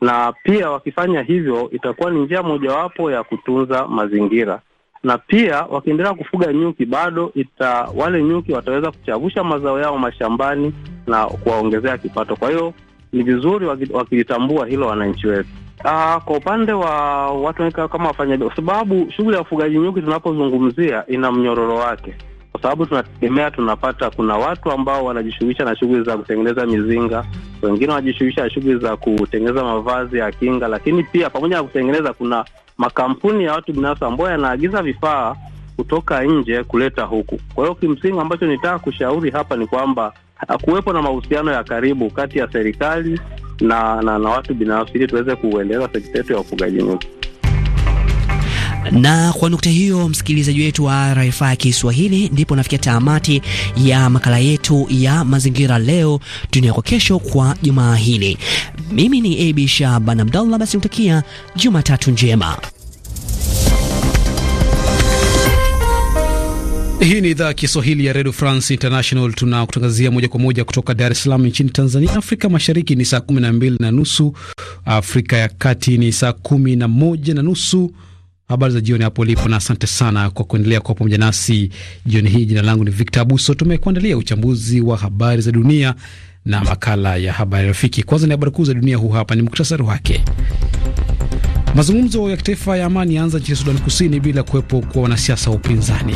na pia wakifanya hivyo itakuwa ni njia mojawapo ya kutunza mazingira na pia wakiendelea kufuga nyuki bado ita, wale nyuki wataweza kuchavusha mazao yao mashambani na kuwaongezea kipato. Kwa hiyo ni vizuri wakilitambua hilo wananchi wetu. Aa, ah, kwa upande wa watu kama wafanyabiashara, kwa sababu shughuli ya ufugaji nyuki tunapozungumzia ina mnyororo wake kwa sababu tunategemea tunapata, kuna watu ambao wanajishughulisha na shughuli za kutengeneza mizinga, wengine wanajishughulisha na shughuli za kutengeneza mavazi ya kinga, lakini pia pamoja na kutengeneza, kuna makampuni ya watu binafsi ambao yanaagiza vifaa kutoka nje kuleta huku. Kwa hiyo kimsingi, ambacho nitaka kushauri hapa ni kwamba kuwepo na mahusiano ya karibu kati ya serikali na, na, na watu binafsi ili tuweze kuendeleza sekta yetu ya ufugaji nyuki. Na kwa nukta hiyo, msikilizaji wetu wa RFI Kiswahili, ndipo nafikia tamati ya makala yetu ya mazingira leo dunia kwa kesho kwa jumaa hili. Mimi ni Abi Shaban Abdallah, basi kutakia Jumatatu njema. Hii ni idhaa ya Kiswahili ya Radio France International. Tunakutangazia moja kwa moja kutoka Dar es Salaam nchini Tanzania. Afrika Mashariki ni saa kumi na mbili na nusu, Afrika ya Kati ni saa kumi na moja na nusu. Habari za jioni hapo ulipo, na asante sana kwa kuendelea kuwa pamoja nasi jioni hii. Jina langu ni Victor Abuso. Tumekuandalia uchambuzi wa habari za dunia na makala ya habari rafiki. Kwanza ni habari kuu za dunia, huu hapa ni muktasari wake. Mazungumzo ya kitaifa ya amani yaanza nchini Sudani Kusini bila kuwepo kwa wanasiasa wa upinzani.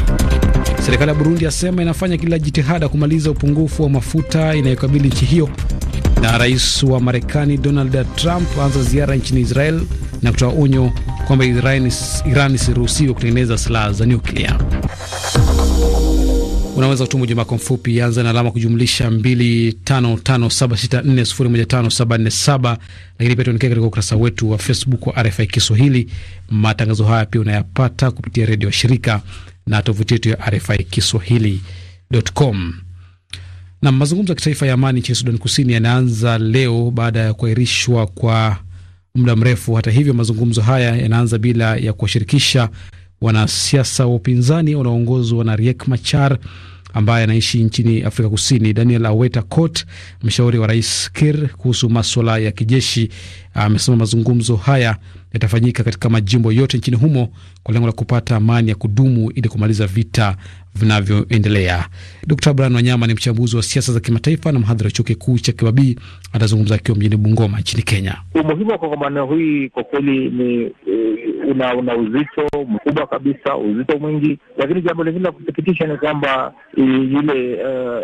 Serikali ya Burundi yasema inafanya kila jitihada kumaliza upungufu wa mafuta inayokabili nchi hiyo na rais wa Marekani Donald Trump anza ziara nchini Israel na kutoa onyo kwamba Iran isiruhusiwe kutengeneza silaha za nyuklia. Unaweza kutuma ujumbe wako mfupi, anza na alama kujumlisha 255764015747 lakini pia tuonekane katika ukurasa wetu wa Facebook wa RFI Kiswahili. Matangazo haya pia unayapata kupitia redio ya shirika na tovuti yetu ya RFI Kiswahili.com. Na mazungumzo ya kitaifa ya amani nchini Sudan Kusini yanaanza leo baada ya kuahirishwa kwa muda mrefu. Hata hivyo, mazungumzo haya yanaanza bila ya kuwashirikisha wanasiasa wa upinzani wanaoongozwa na Riek Machar ambaye anaishi nchini Afrika Kusini. Daniel Aweta Cot, mshauri wa rais Kir kuhusu maswala ya kijeshi, amesema mazungumzo haya yatafanyika katika majimbo yote nchini humo kwa lengo la kupata amani ya kudumu ili kumaliza vita vinavyoendelea. Dkt Brian Wanyama ni mchambuzi wa siasa za kimataifa na mhadhiri wa chuo kikuu cha Kibabii. Atazungumza akiwa mjini Bungoma nchini Kenya. Umuhimu wa kongamano hii kwa kweli ni eh, una una uzito mkubwa kabisa, uzito mwingi, lakini jambo lingine la kusikitisha ni kwamba eh, yule uh,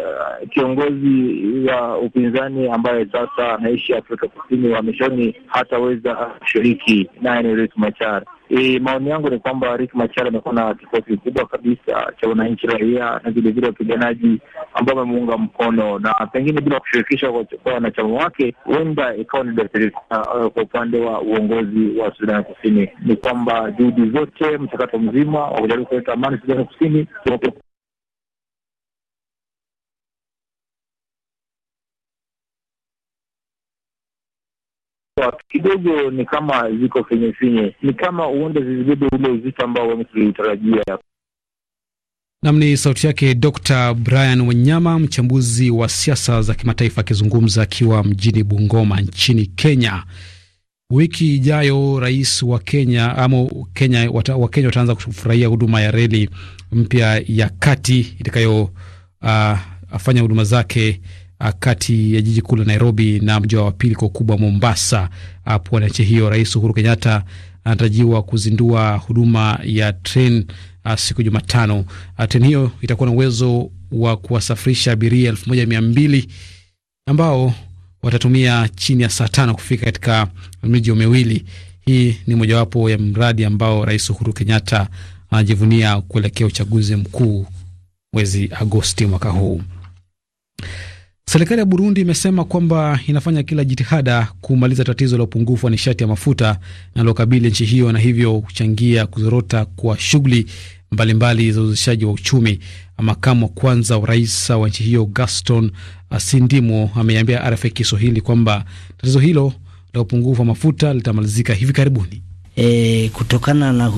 kiongozi wa upinzani ambaye sasa anaishi Afrika Kusini wa mishoni hataweza kushiriki, naye ni Riek Machar. E, maoni yangu ni kwamba Riek Machar amekuwa na kikosi kikubwa kabisa cha wananchi raia na vilevile wapiganaji ambao wamemuunga mkono, na pengine bila kushirikisha kwa wanachama wake huenda ikawa ni dosari uh, kwa upande wa uongozi wa Sudani Kusini. Ni kwamba juhudi zote, mchakato mzima wa kujaribu kuleta amani Sudani Kusini kuwa kidogo ni kama ziko finye finye, ni kama uende zizibebe ule uzito ambao wengi tulitarajia. Nam ni sauti yake Dr Brian Wanyama, mchambuzi wa siasa za kimataifa akizungumza akiwa mjini Bungoma nchini Kenya. Wiki ijayo rais wa Kenya ama Kenya, Wakenya wataanza kufurahia huduma ya reli mpya ya kati itakayofanya ah, uh, huduma zake Ah, kati ya jiji kuu la Nairobi na mji wa pili kwa ukubwa Mombasa, uh, pwani ya nchi hiyo. Rais Uhuru Kenyatta anatarajiwa kuzindua huduma ya tren uh, ah, siku ya Jumatano. Uh, hiyo itakuwa na uwezo wa kuwasafirisha abiria elfu moja mia mbili ambao watatumia chini ya saa tano kufika katika miji miwili. Hii ni mojawapo ya mradi ambao Rais Uhuru Kenyatta anajivunia kuelekea uchaguzi mkuu mwezi Agosti mwaka huu. Serikali ya Burundi imesema kwamba inafanya kila jitihada kumaliza tatizo la upungufu wa nishati ya mafuta linalokabili nchi hiyo na hivyo kuchangia kuzorota kwa shughuli mbalimbali za uzalishaji wa uchumi. Makamu wa kwanza wa rais wa nchi hiyo Gaston Sindimo ameiambia RFI Kiswahili kwamba tatizo hilo la upungufu wa mafuta litamalizika hivi karibuni e, kutokana na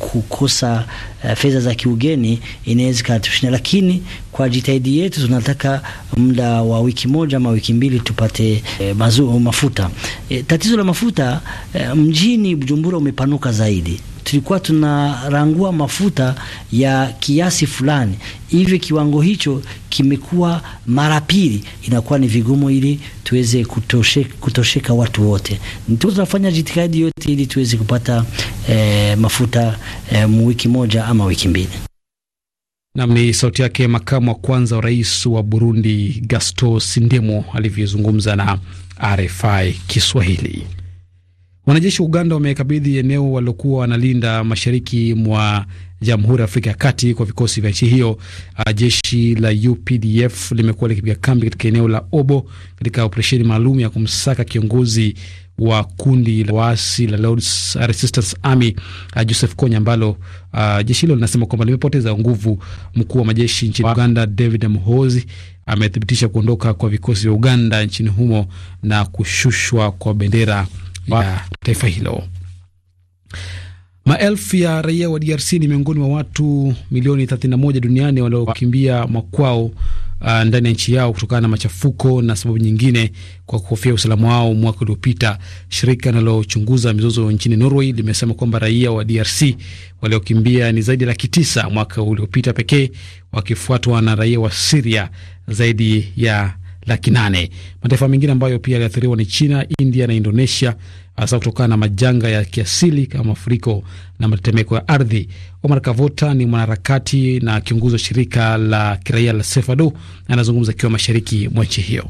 kukosa uh, fedha za kiugeni inaweza katushinda, lakini kwa jitihada yetu tunataka muda wa wiki moja ama wiki mbili tupate e, eh, mazuo mafuta e, tatizo la mafuta e, mjini Bujumbura umepanuka zaidi tulikuwa tunarangua mafuta ya kiasi fulani, hivyo kiwango hicho kimekuwa mara pili, inakuwa ni vigumu ili tuweze kutosheka, kutosheka watu wote. Ndio tunafanya jitihadi yote ili tuweze kupata eh, mafuta eh, mwiki moja ama wiki mbili. Nam ni sauti yake makamu wa kwanza wa rais wa Burundi Gaston sindemo alivyozungumza na RFI Kiswahili. Wanajeshi wa Uganda wamekabidhi eneo waliokuwa wanalinda mashariki mwa Jamhuri ya Afrika ya Kati kwa vikosi vya nchi hiyo. Uh, jeshi la UPDF limekuwa likipiga kambi katika eneo la Obo katika operesheni maalum ya kumsaka kiongozi wa kundi la waasi la Lord's Resistance Army uh, Joseph Kony ambalo uh, jeshi hilo linasema kwamba limepoteza nguvu. Mkuu wa majeshi nchini Uganda David Mhozi amethibitisha kuondoka kwa vikosi vya Uganda nchini humo na kushushwa kwa bendera ya taifa hilo. Maelfu ya raia wa DRC ni miongoni mwa watu milioni 31 duniani waliokimbia makwao uh, ndani ya nchi yao kutokana na machafuko na sababu nyingine, kwa kuhofia usalama wao mwaka uliopita. Shirika linalochunguza mizozo nchini Norway limesema kwamba raia wa DRC waliokimbia ni zaidi ya laki tisa mwaka uliopita pekee, wakifuatwa na raia wa Siria zaidi ya laki nane. Mataifa mengine ambayo pia yaliathiriwa ni China, India na Indonesia, hasa kutokana na majanga ya kiasili kama mafuriko na matetemeko ya ardhi. Omar Kavota ni mwanaharakati na kiongozi wa shirika la kiraia la Sefado, anazungumza akiwa mashariki mwa nchi hiyo.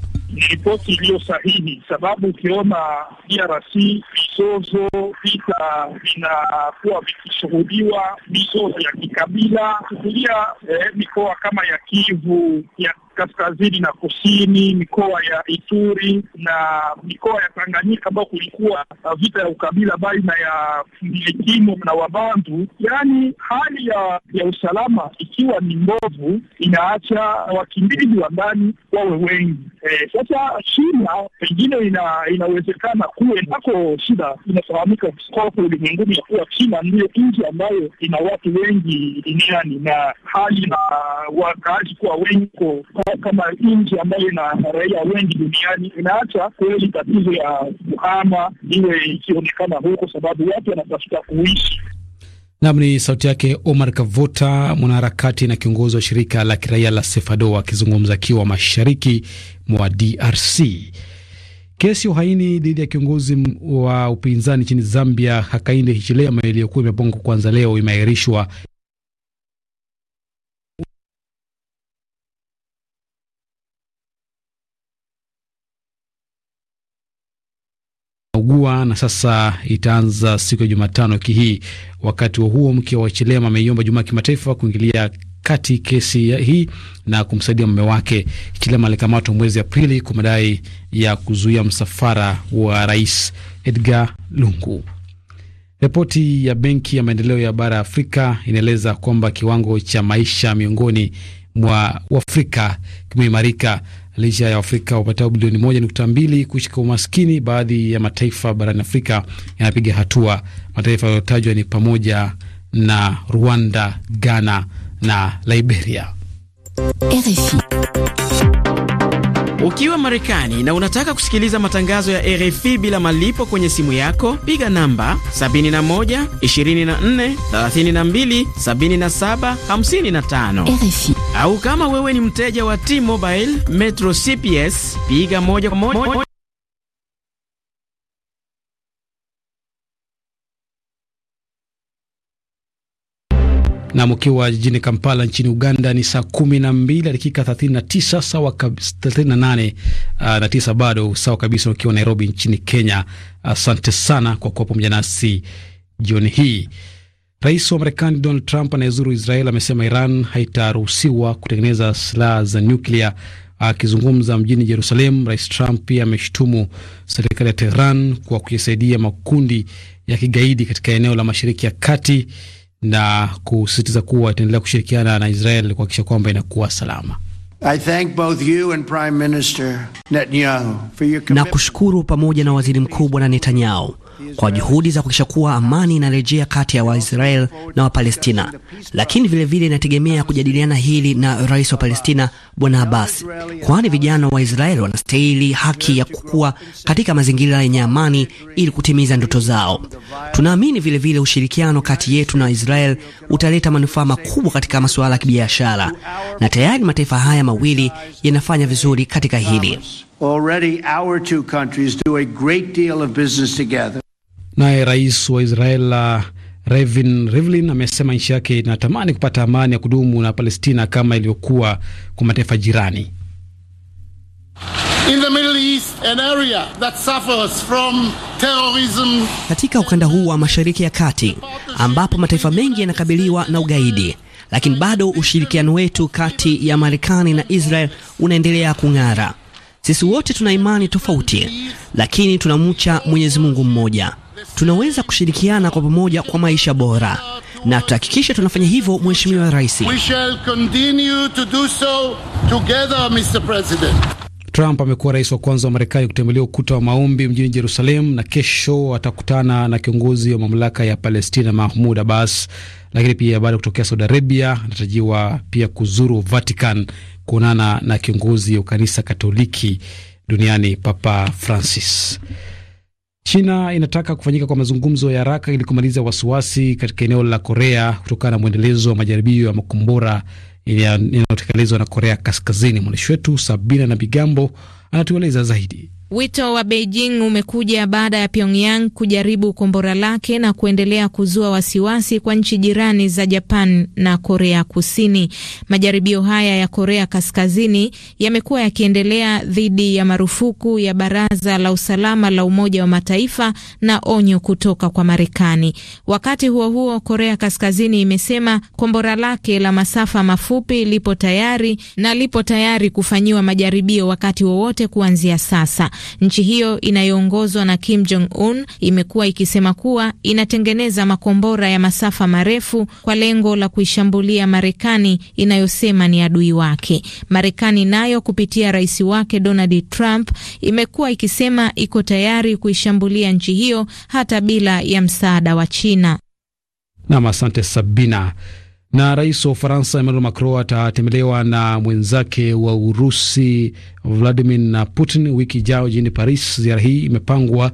Ripoti iliyo sahihi, sababu ukiona DRC vizozo, vita vinakuwa vikishuhudiwa, mizozo ya kikabila, kukulia eh, mikoa kama ya Kivu ya kaskazini na kusini, mikoa ya Ituri na mikoa ya Tanganyika ambao kulikuwa vita ya ukabila baina ya Milikimo na Wabantu. Yaani hali ya, ya usalama ikiwa ni mbovu, inaacha wakimbizi wa ndani wawe wengi. E, sasa China pengine ina, inawezekana kuwe nako shida. Inafahamika kote ulimwenguni ya kuwa China ndiyo nchi ambayo ina watu wengi duniani na hali na wakaaji kuwa wengi kama nchi ambayo ina raia wengi duniani, inaacha kweli tatizo ya kuhama iwe ikionekana huko, sababu watu wanatafuta kuishi. Nam ni sauti yake Omar Kavota, mwanaharakati na kiongozi wa shirika la kiraia la Sefado, akizungumza akiwa mashariki mwa DRC. Kesi ya uhaini dhidi ya kiongozi wa upinzani nchini Zambia Hakainde Hichilema iliyokuwa imepangwa kuanza leo imeahirishwa inaugua na sasa itaanza siku ya Jumatano wiki hii. Wakati wa huo, mke wa Chilema ameiomba jumuiya ya kimataifa kuingilia kati kesi hii na kumsaidia mume wake. Chilema alikamatwa mwezi Aprili kwa madai ya kuzuia msafara wa Rais Edgar Lungu. Ripoti ya Benki ya Maendeleo ya Bara ya Afrika inaeleza kwamba kiwango cha maisha miongoni mwa Waafrika kimeimarika licha ya Afrika wapatao bilioni moja nukta mbili kushika umaskini, baadhi ya mataifa barani Afrika yanapiga hatua. Mataifa yaliyotajwa ni pamoja na Rwanda, Ghana na Liberia. RFI. Ukiwa Marekani na unataka kusikiliza matangazo ya RFI bila malipo kwenye simu yako, piga namba 7124327755 Au kama wewe ni mteja wa T-Mobile Metro CPS, piga moja moja na mkiwa jijini Kampala nchini Uganda ni saa kumi na mbili dakika thelathini na tisa sawa thelathini na nane ah, na tisa bado sawa kabisa ukiwa Nairobi nchini Kenya. Asante sana kwa kuwa pamoja nasi jioni hii. Rais wa Marekani Donald Trump anayezuru Israel amesema Iran haitaruhusiwa kutengeneza silaha za nyuklia. Akizungumza mjini Jerusalem, Rais Trump pia ameshutumu serikali ya Tehran kwa kuisaidia makundi ya kigaidi katika eneo la Mashariki ya Kati na kusisitiza kuwa itaendelea kushirikiana na Israel kuhakikisha kwamba inakuwa salama. Nakushukuru kushukuru pamoja na Waziri Mkuu Bwana Netanyahu kwa juhudi za kuhakikisha kuwa amani inarejea kati ya Waisrael na Wapalestina, lakini vilevile inategemea vile kujadiliana hili na rais wa Palestina Bwana Abbas, kwani vijana wa Israel wanastahili haki ya kukua katika mazingira yenye amani ili kutimiza ndoto zao. Tunaamini vilevile ushirikiano kati yetu na Israel utaleta manufaa makubwa katika masuala ya kibiashara, na tayari mataifa haya mawili yanafanya vizuri katika hili. Already our two countries do a great deal of business together. Naye rais wa Israel uh, Revin Rivlin amesema nchi yake inatamani kupata amani ya kudumu na Palestina kama ilivyokuwa kwa mataifa jirani. In the Middle East, an area that suffers from terrorism. Katika ukanda huu wa Mashariki ya Kati ambapo mataifa mengi yanakabiliwa na ugaidi, lakini bado ushirikiano wetu kati ya Marekani na Israel unaendelea kung'ara. Sisi wote tuna imani tofauti, lakini tunamcha Mwenyezi Mungu mmoja tunaweza kushirikiana kwa pamoja kwa maisha bora, na tutahakikisha tunafanya hivyo, Mheshimiwa Rais. Trump amekuwa rais wa kwanza wa Marekani kutembelea ukuta wa maombi mjini Jerusalem, na kesho atakutana na kiongozi wa mamlaka ya Palestina Mahmud Abbas. Lakini pia baada ya kutokea Saudi Arabia, anatarajiwa pia kuzuru Vatican kuonana na kiongozi wa kanisa Katoliki duniani Papa Francis. China inataka kufanyika kwa mazungumzo ya haraka ili kumaliza wasiwasi katika eneo la Korea kutokana na mwendelezo wa majaribio ya makombora yanayotekelezwa na Korea Kaskazini. Mwandishi wetu Sabina na Bigambo anatueleza zaidi. Wito wa Beijing umekuja baada ya Pyongyang kujaribu kombora lake na kuendelea kuzua wasiwasi kwa nchi jirani za Japan na Korea Kusini. Majaribio haya ya Korea Kaskazini yamekuwa yakiendelea dhidi ya marufuku ya Baraza la Usalama la Umoja wa Mataifa na onyo kutoka kwa Marekani. Wakati huo huo, Korea Kaskazini imesema kombora lake la masafa mafupi lipo tayari na lipo tayari kufanyiwa majaribio wakati wowote kuanzia sasa. Nchi hiyo inayoongozwa na Kim Jong Un imekuwa ikisema kuwa inatengeneza makombora ya masafa marefu kwa lengo la kuishambulia Marekani inayosema ni adui wake. Marekani nayo kupitia rais wake Donald Trump imekuwa ikisema iko tayari kuishambulia nchi hiyo hata bila ya msaada wa China. Nam, asante Sabina. Na rais wa Ufaransa Emmanuel Macron atatembelewa na mwenzake wa Urusi Vladimir Putin wiki ijayo jijini Paris. Ziara hii imepangwa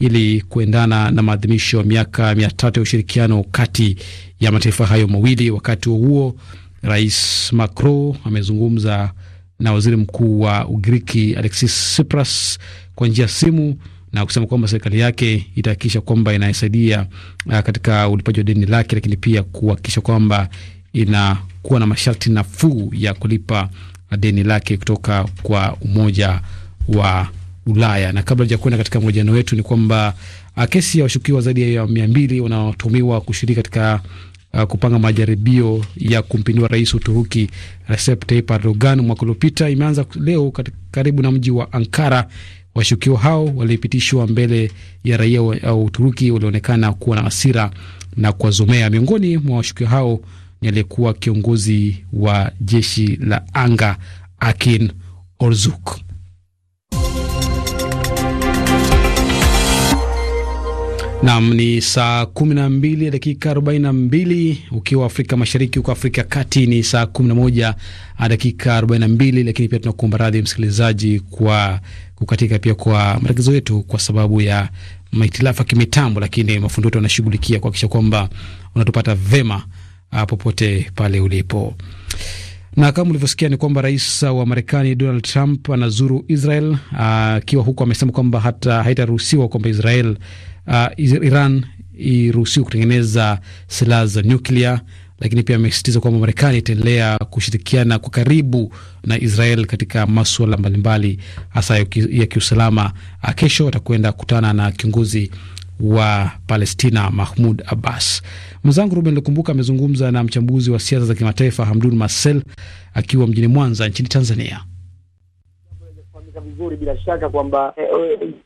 ili kuendana na maadhimisho ya miaka mia tatu ya ushirikiano kati ya mataifa hayo mawili. Wakati huo huo, rais Macron amezungumza na waziri mkuu wa Ugiriki Alexis Tsipras kwa njia ya simu na kusema kwamba serikali yake itahakikisha kwamba inasaidia uh, katika ulipaji wa deni lake, lakini pia kuhakikisha kwamba inakuwa na masharti nafuu ya kulipa deni lake kutoka kwa Umoja wa Ulaya. Na kabla ya kwenda katika mhojano wetu, ni kwamba uh, kesi ya washukiwa zaidi ya mia mbili wanaotumiwa kushiriki katika Uh, kupanga majaribio ya kumpindua rais Uturuki Recep Tayyip Erdogan mwaka uliopita imeanza leo karibu na mji wa Ankara Washukiwa hao walipitishwa mbele ya raia wa Uturuki walionekana kuwa na hasira na kuwazomea. Miongoni mwa washukiwa hao ni aliyekuwa kiongozi wa jeshi la anga Akin Orzuk. Nam ni saa 12 ya dakika 42 ukiwa Afrika Mashariki, huko Afrika Kati ni saa 11 dakika 42. Lakini pia tunakuomba radhi msikilizaji kwa kukatika pia kwa matangazo yetu kwa sababu ya mahitilafu ya kimitambo, lakini mafundi wetu wanashughulikia kuhakikisha kwamba unatupata vema ah, popote pale ulipo. Na kama ulivyosikia ni kwamba rais wa Marekani Donald Trump anazuru Israel ah, akiwa huko, amesema kwamba hata haitaruhusiwa kwamba Israel uh, Iran iruhusiwe kutengeneza silaha za nyuklia, lakini pia amesisitiza kwamba Marekani itaendelea kushirikiana kwa karibu na Israel katika maswala mbalimbali hasa ya kiusalama. Uh, kesho atakwenda kutana na kiongozi wa Palestina Mahmud Abbas. Mwenzangu Ruben Lukumbuka amezungumza na mchambuzi wa siasa za kimataifa Hamdun Marcel akiwa mjini Mwanza nchini Tanzania vizuri bila shaka kwamba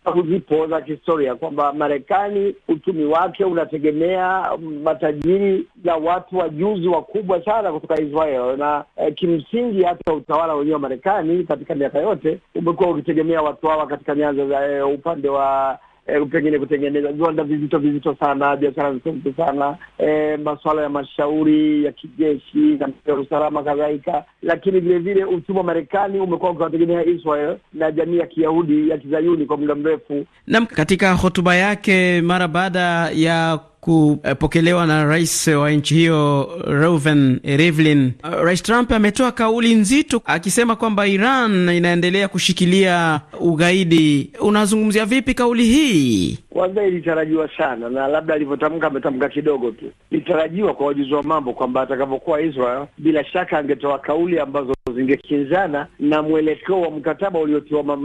sababu eh, eh, zipo za kihistoria kwamba Marekani uchumi wake unategemea mm, matajiri ya watu wajuzi wakubwa sana kutoka Israel na e, kimsingi hata utawala wenyewe wa Marekani katika miaka yote umekuwa ukitegemea watu hawa katika nyanza za e, upande wa eh, pengine kutengeneza viwanda vizito vizito sana, biashara vizito sana, eh, masuala ya mashauri ya kijeshi na usalama kadhalika. Lakini vilevile uchumi wa Marekani umekuwa ukiwategemea Israel na jamii ya Kiyahudi ya Kizayuni kwa muda mrefu. Naam, katika hotuba yake mara baada ya kupokelewa eh, na rais wa nchi hiyo Reuven Rivlin. Eh, rais Trump ametoa kauli nzito akisema kwamba Iran inaendelea kushikilia ugaidi. Unazungumzia vipi kauli hii? kwanza ilitarajiwa sana, na labda alivyotamka ametamka kidogo tu. Ilitarajiwa kwa wajuzi wa mambo kwamba atakapokuwa Israel, bila shaka angetoa kauli ambazo zingekinzana na mwelekeo wa mkataba uliotiwa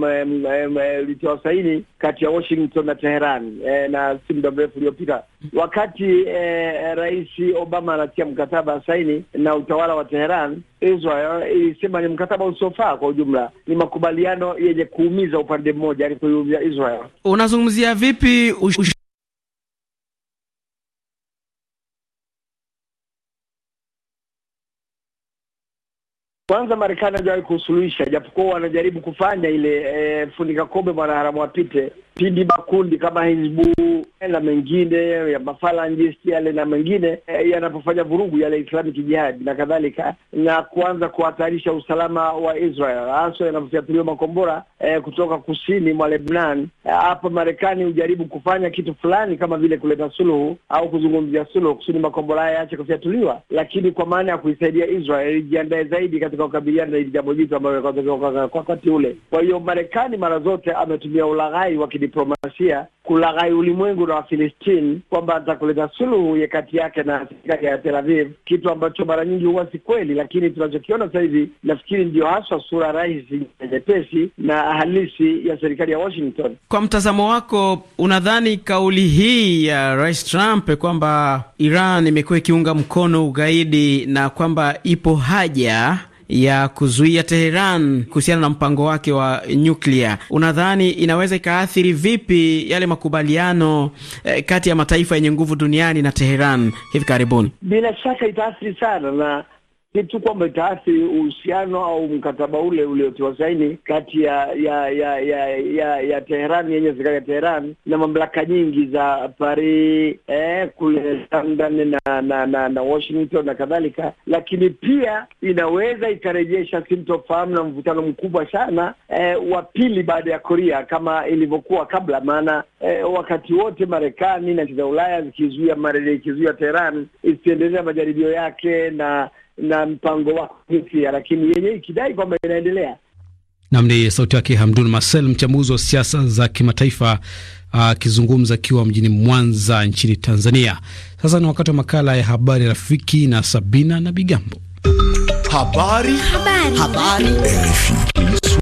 saini kati ya Washington na Teheran e, na si muda mrefu uliopita wakati e, Rais Obama anatia mkataba saini na utawala wa Teheran Israel eh, ilisema ni mkataba usiofaa kwa ujumla, ni makubaliano yenye kuumiza upande mmoja, yani kuiumiza Israel. Unazungumzia vipi ush Kwanza Marekani hajawahi kusuluhisha, japokuwa wanajaribu kufanya ile e, eh, funika kobe mwanaharamu apite, pindi makundi kama Hizbu na mengine ya mafalangist yale na mengine eh, yanapofanya vurugu yale Islamic Jihad na kadhalika, na kuanza kuhatarisha usalama wa Israel, haswa yanapofyatuliwa makombora eh, kutoka kusini mwa lebnan eh, Hapa eh, Marekani hujaribu kufanya kitu fulani kama vile kuleta suluhu au kuzungumzia suluhu kusini makombora haya yaache kufiatuliwa lakini kwa maana ya kuisaidia Israel ijiandae zaidi katika kukabiliana na hili jambo jito ambayo wakati ule. Kwa hiyo Marekani mara zote ametumia ulaghai wa kidiplomasia kulaghai ulimwengu na Wafilistini kwamba atakuleta suluhu ya kati yake na serikali ya Tel Aviv, kitu ambacho mara nyingi huwa si kweli, lakini tunachokiona sasa hivi nafikiri ndio haswa sura rahisi na nyepesi na halisi ya serikali ya Washington. Kwa mtazamo wako, unadhani kauli hii ya Rais Trump kwamba Iran imekuwa ikiunga mkono ugaidi na kwamba ipo haja ya kuzuia Teheran kuhusiana na mpango wake wa nyuklia, unadhani inaweza ikaathiri vipi yale makubaliano eh, kati ya mataifa yenye nguvu duniani na Teheran hivi karibuni? Bila shaka itaathiri sana na kitu kwamba taathi uhusiano au mkataba ule uliotiwa saini kati ya ya ya ya ya, ya Teheran yenye serikali ya Teheran na mamlaka nyingi za Paris eh, kule London na na, na na Washington na kadhalika, lakini pia inaweza ikarejesha sintofahamu na mvutano mkubwa sana eh, wa pili baada ya Korea kama ilivyokuwa kabla. Maana eh, wakati wote Marekani na nchi za Ulaya zikizuia Teheran isiendelea majaribio yake na na mpango wa NCR, lakini yenye ikidai kwamba inaendelea. Nam ni sauti yake Hamdun Marcel, mchambuzi wa siasa za kimataifa akizungumza akiwa mjini Mwanza nchini Tanzania. Sasa ni wakati wa makala ya habari rafiki na Sabina na Bigambo. Habari, habari, habari. Habari.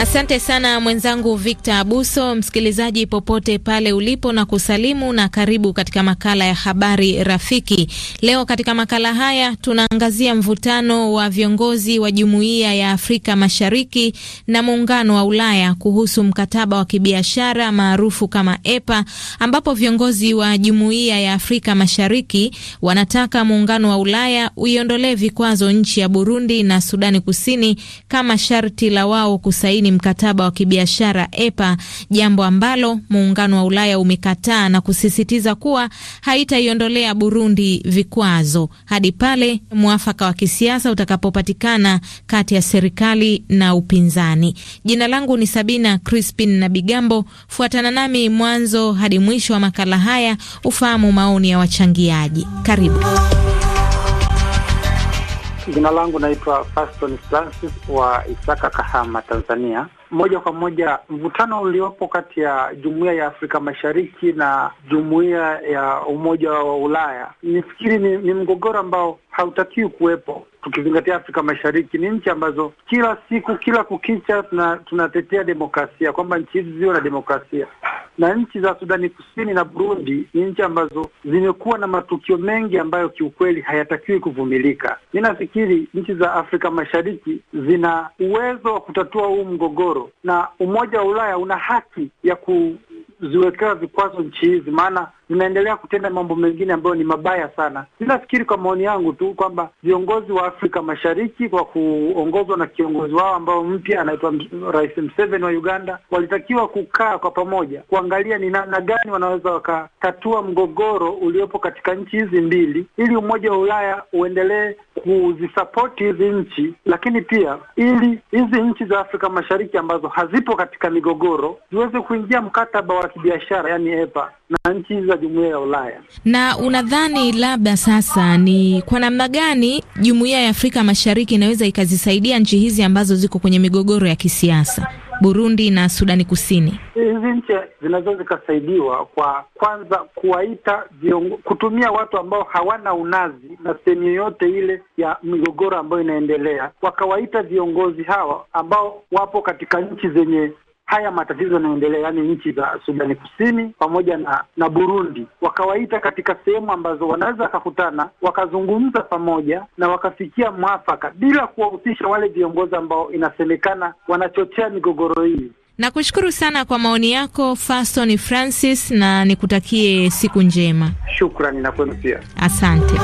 Asante sana mwenzangu Victor Abuso. Msikilizaji popote pale ulipo, na kusalimu na karibu katika makala ya habari rafiki. Leo katika makala haya tunaangazia mvutano wa viongozi wa Jumuiya ya Afrika Mashariki na Muungano wa Ulaya kuhusu mkataba wa kibiashara maarufu kama EPA, ambapo viongozi wa Jumuiya ya Afrika Mashariki wanataka Muungano wa Ulaya uiondolee vikwazo nchi ya Burundi na Sudani Kusini kama sharti la wao kusaini saini mkataba wa kibiashara EPA, jambo ambalo muungano wa Ulaya umekataa na kusisitiza kuwa haitaiondolea Burundi vikwazo hadi pale mwafaka wa kisiasa utakapopatikana kati ya serikali na upinzani. Jina langu ni Sabina Crispin na Bigambo. Fuatana nami mwanzo hadi mwisho wa makala haya ufahamu maoni ya wachangiaji. Karibu. Jina langu naitwa Faston Francis wa Isaka, Kahama, Tanzania. Moja kwa moja, mvutano uliopo kati ya jumuiya ya Afrika Mashariki na jumuiya ya Umoja wa Ulaya nifikiri ni, ni mgogoro ambao hautakiwi kuwepo tukizingatia Afrika Mashariki ni nchi ambazo kila siku kila kukicha tuna, tunatetea demokrasia kwamba nchi hizi ziwe na demokrasia, na nchi za Sudani Kusini na Burundi ni nchi ambazo zimekuwa na matukio mengi ambayo kiukweli hayatakiwi kuvumilika. Mi nafikiri nchi za Afrika Mashariki zina uwezo wa kutatua huu mgogoro, na Umoja wa Ulaya una haki ya ku ziwekewa vikwazo nchi hizi, maana zinaendelea kutenda mambo mengine ambayo ni mabaya sana. Ninafikiri kwa maoni yangu tu kwamba viongozi wa Afrika Mashariki kwa kuongozwa na kiongozi wao ambao mpya anaitwa Rais Museveni wa Uganda, walitakiwa kukaa kwa pamoja kuangalia ni namna gani wanaweza wakatatua mgogoro uliopo katika nchi hizi mbili, ili Umoja wa Ulaya uendelee kuzisapoti hizi nchi, lakini pia ili hizi nchi za Afrika Mashariki ambazo hazipo katika migogoro ziweze kuingia mkataba wa kibiashara, yani EPA na nchi za jumuiya ya Ulaya. Na unadhani labda sasa ni kwa namna gani jumuiya ya Afrika Mashariki inaweza ikazisaidia nchi hizi ambazo ziko kwenye migogoro ya kisiasa? Burundi na Sudani Kusini? Hizi nchi zinaweza zikasaidiwa kwa kwanza kuwaita viongo, kutumia watu ambao hawana unazi na sehemu yoyote ile ya migogoro ambayo inaendelea, wakawaita viongozi hawa ambao wapo katika nchi zenye haya matatizo yanayoendelea, yaani nchi za Sudani Kusini pamoja na na Burundi, wakawaita katika sehemu ambazo wanaweza wakakutana wakazungumza pamoja na wakafikia mwafaka bila kuwahusisha wale viongozi ambao inasemekana wanachochea migogoro hii. Nakushukuru sana kwa maoni yako Faston Francis, na nikutakie siku njema. Shukrani na kwenu pia, asante.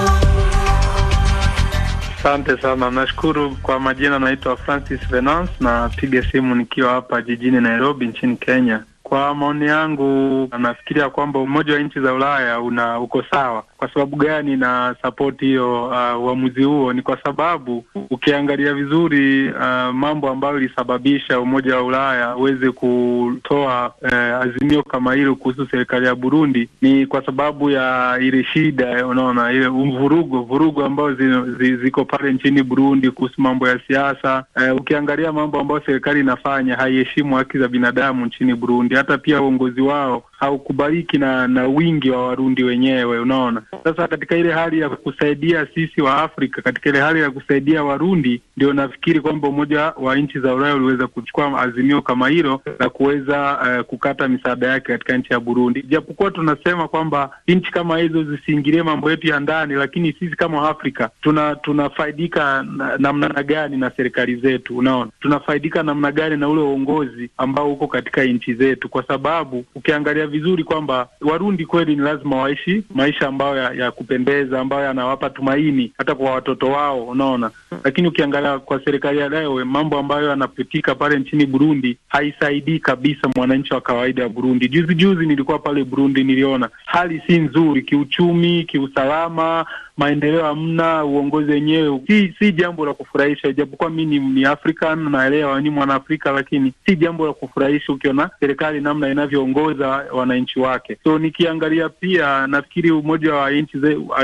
Asante sana, nashukuru kwa majina. Naitwa Francis Venance, napiga simu nikiwa hapa jijini Nairobi nchini Kenya. Kwa maoni yangu nafikiria kwamba umoja wa nchi za Ulaya una uko sawa. Kwa sababu gani na sapoti hiyo uh, uamuzi uh, huo? Ni kwa sababu ukiangalia vizuri uh, mambo ambayo ilisababisha umoja wa Ulaya uweze kutoa uh, azimio kama hilo kuhusu serikali ya Burundi ni kwa sababu ya ile shida, unaona ile mvurugo vurugo ambayo zi, zi, ziko pale nchini Burundi kuhusu mambo ya siasa. Uh, ukiangalia mambo ambayo serikali inafanya haiheshimu haki za binadamu nchini Burundi hata pia uongozi wao haukubaliki na na wingi wa Warundi wenyewe. Unaona, sasa katika ile hali ya kusaidia sisi wa Afrika, katika ile hali ya kusaidia Warundi, ndio nafikiri kwamba Umoja wa Nchi za Ulaya uliweza kuchukua azimio kama hilo la kuweza uh, kukata misaada yake katika nchi ya Burundi, japokuwa tunasema kwamba nchi kama hizo zisiingilie mambo yetu ya ndani, lakini sisi kama Afrika tuna tunafaidika namna na gani na serikali zetu? Unaona, tunafaidika namna gani na ule uongozi ambao uko katika nchi zetu? yetu, kwa sababu ukiangalia vizuri kwamba Warundi kweli ni lazima waishi maisha ambayo ya, ya kupendeza ambayo yanawapa tumaini hata kwa watoto wao, unaona. Lakini ukiangalia kwa serikali ya leo, mambo ambayo yanapitika pale nchini Burundi haisaidii kabisa mwananchi wa kawaida wa Burundi. Juzi juzi nilikuwa pale Burundi, niliona hali si nzuri kiuchumi, kiusalama maendeleo hamna, uongozi wenyewe si, si jambo la kufurahisha. Ijapokuwa mi ni African naelewa ni mwanaafrika, lakini si jambo la kufurahisha ukiona serikali serikali namna inavyoongoza wananchi wake. So nikiangalia pia, nafikiri umoja wa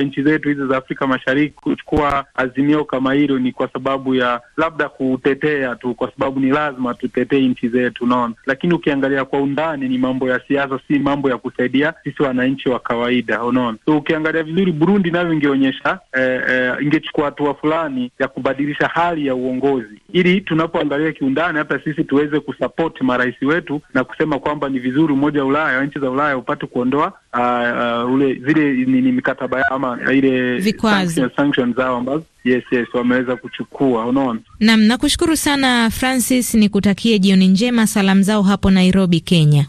nchi zetu hizi za Afrika Mashariki kuchukua azimio kama hilo ni kwa sababu ya labda kutetea tu, kwa sababu ni lazima tutetee nchi zetu, unaona. Lakini ukiangalia kwa undani ni mambo ya siasa, si mambo ya kusaidia sisi wananchi wa kawaida, unaona. So ukiangalia vizuri, Burundi nayo ingeonyesha eh, eh, ingechukua hatua fulani ya kubadilisha hali ya uongozi, ili tunapoangalia kiundani, hata sisi tuweze kusupport marais wetu na kusema kwamba ni vizuri Umoja wa Ulaya, nchi za Ulaya upate kuondoa uh, uh, ule zile ni, ni mikataba yao ama ile vikwazo zao ambazo yes, yes, wameweza kuchukua. Unaona, nam, Nakushukuru sana Francis, nikutakie jioni njema. Salamu zao hapo Nairobi, Kenya.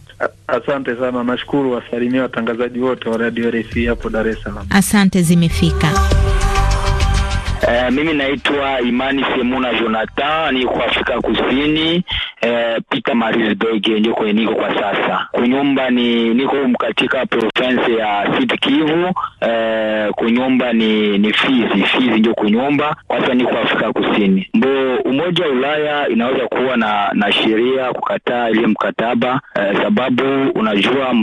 Asante sana, nashukuru. Wasalimia watangazaji wote wa Radio RFI hapo Dar es Salaam. Asante, zimefika. Eh, mimi naitwa Imani Semuna Jonathan, niko Afrika Kusini e, Peter Marisburg ndio kwenye niko kwa sasa. Kunyumba ni niko katika province ya Sud Kivu e, eh, kunyumba ni ni Fizi, Fizi ndio kunyumba kwa sasa, niko Afrika Kusini. Mbo Umoja wa Ulaya inaweza kuwa na na sheria kukataa ile mkataba e, sababu unajua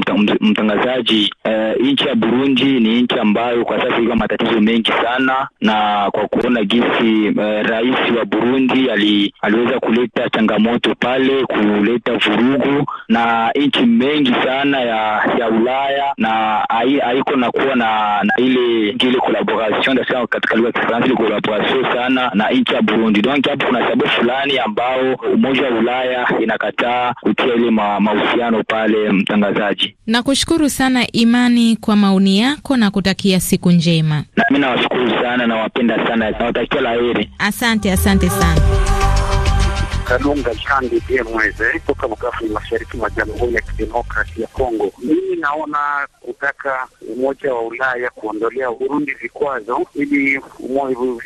mtangazaji e, nchi ya Burundi ni nchi ambayo kwa sasa iko matatizo mengi sana na kwa kuona jinsi uh, eh, rais wa Burundi ali, aliweza kuleta changamoto pale, kuleta vurugu na nchi mengi sana ya, ya Ulaya na haiko na kuwa na, na ile ile collaboration katika lugha ya Kifaransa ile collaboration sana na nchi ya Burundi. Donc hapo kuna sababu fulani ambao umoja wa Ulaya inakataa kutia ile mahusiano pale. Mtangazaji, nakushukuru sana Imani kwa maoni yako na kutakia siku njema. mimi nawashukuru sana, nawapenda sana sana, nawatakia la heri. Asante, asante sana. Kalunga pia mweze kutoka Bukavu mashariki mwa Jamhuri ya Kidemokrasi ya Kongo. Mimi naona kutaka Umoja wa Ulaya kuondolea Burundi vikwazo ili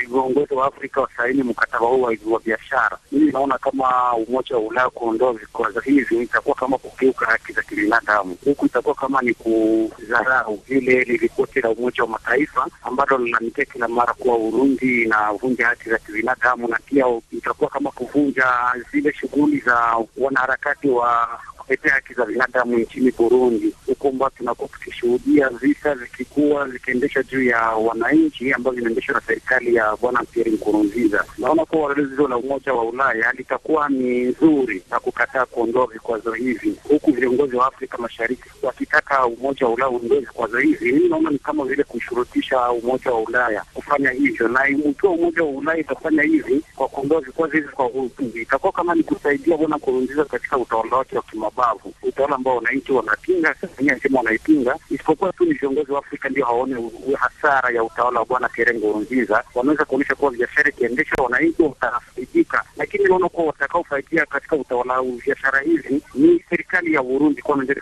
viongozi wa Afrika wasaini mkataba huu wa biashara. Mimi naona kama Umoja wa Ulaya kuondoa vikwazo hivi itakuwa kama kukiuka haki za kibinadamu, huku itakuwa kama ni kudharau vile liripoti la Umoja wa Mataifa ambalo linamikia kila mara kuwa urundi inavunja haki za kibinadamu na pia itakuwa kama kuvunja zile shughuli za wanaharakati wa kutetea haki za binadamu nchini Burundi, huku ambao tunakuwa tukishuhudia visa vikikuwa vikiendeshwa juu ya wananchi ambavyo vinaendeshwa na serikali ya Bwana Pierre Nkurunziza. Naona kuwa walalezi la Umoja wa Ulaya litakuwa ni nzuri na kukataa kuondoa vikwazo hivi, huku viongozi wa Afrika Mashariki wakitaka Umoja wa Ulaya uondoe vikwazo hivi. Mimi naona ni kama vile kushurutisha Umoja wa Ulaya kufanya hivyo, na ikiwa Umoja wa Ulaya itafanya hivi kwa kuondoa vikwazo hivi, kwa itakuwa kama ni kusaidia Bwana Nkurunziza katika utawala wake wa kima mabavu, utaona ambao wananchi wanapinga wenyewe wanaipinga, isipokuwa tu ni viongozi wa Afrika ndio hawaone hasara ya utawala wa Bwana Pierre Nkurunziza. Wanaweza kuonyesha kuwa biashara ikiendeshwa, wananchi watafaidika, lakini naona kuwa watakaofaidia katika utawala biashara hizi ni serikali ya Burundi, kwa ndio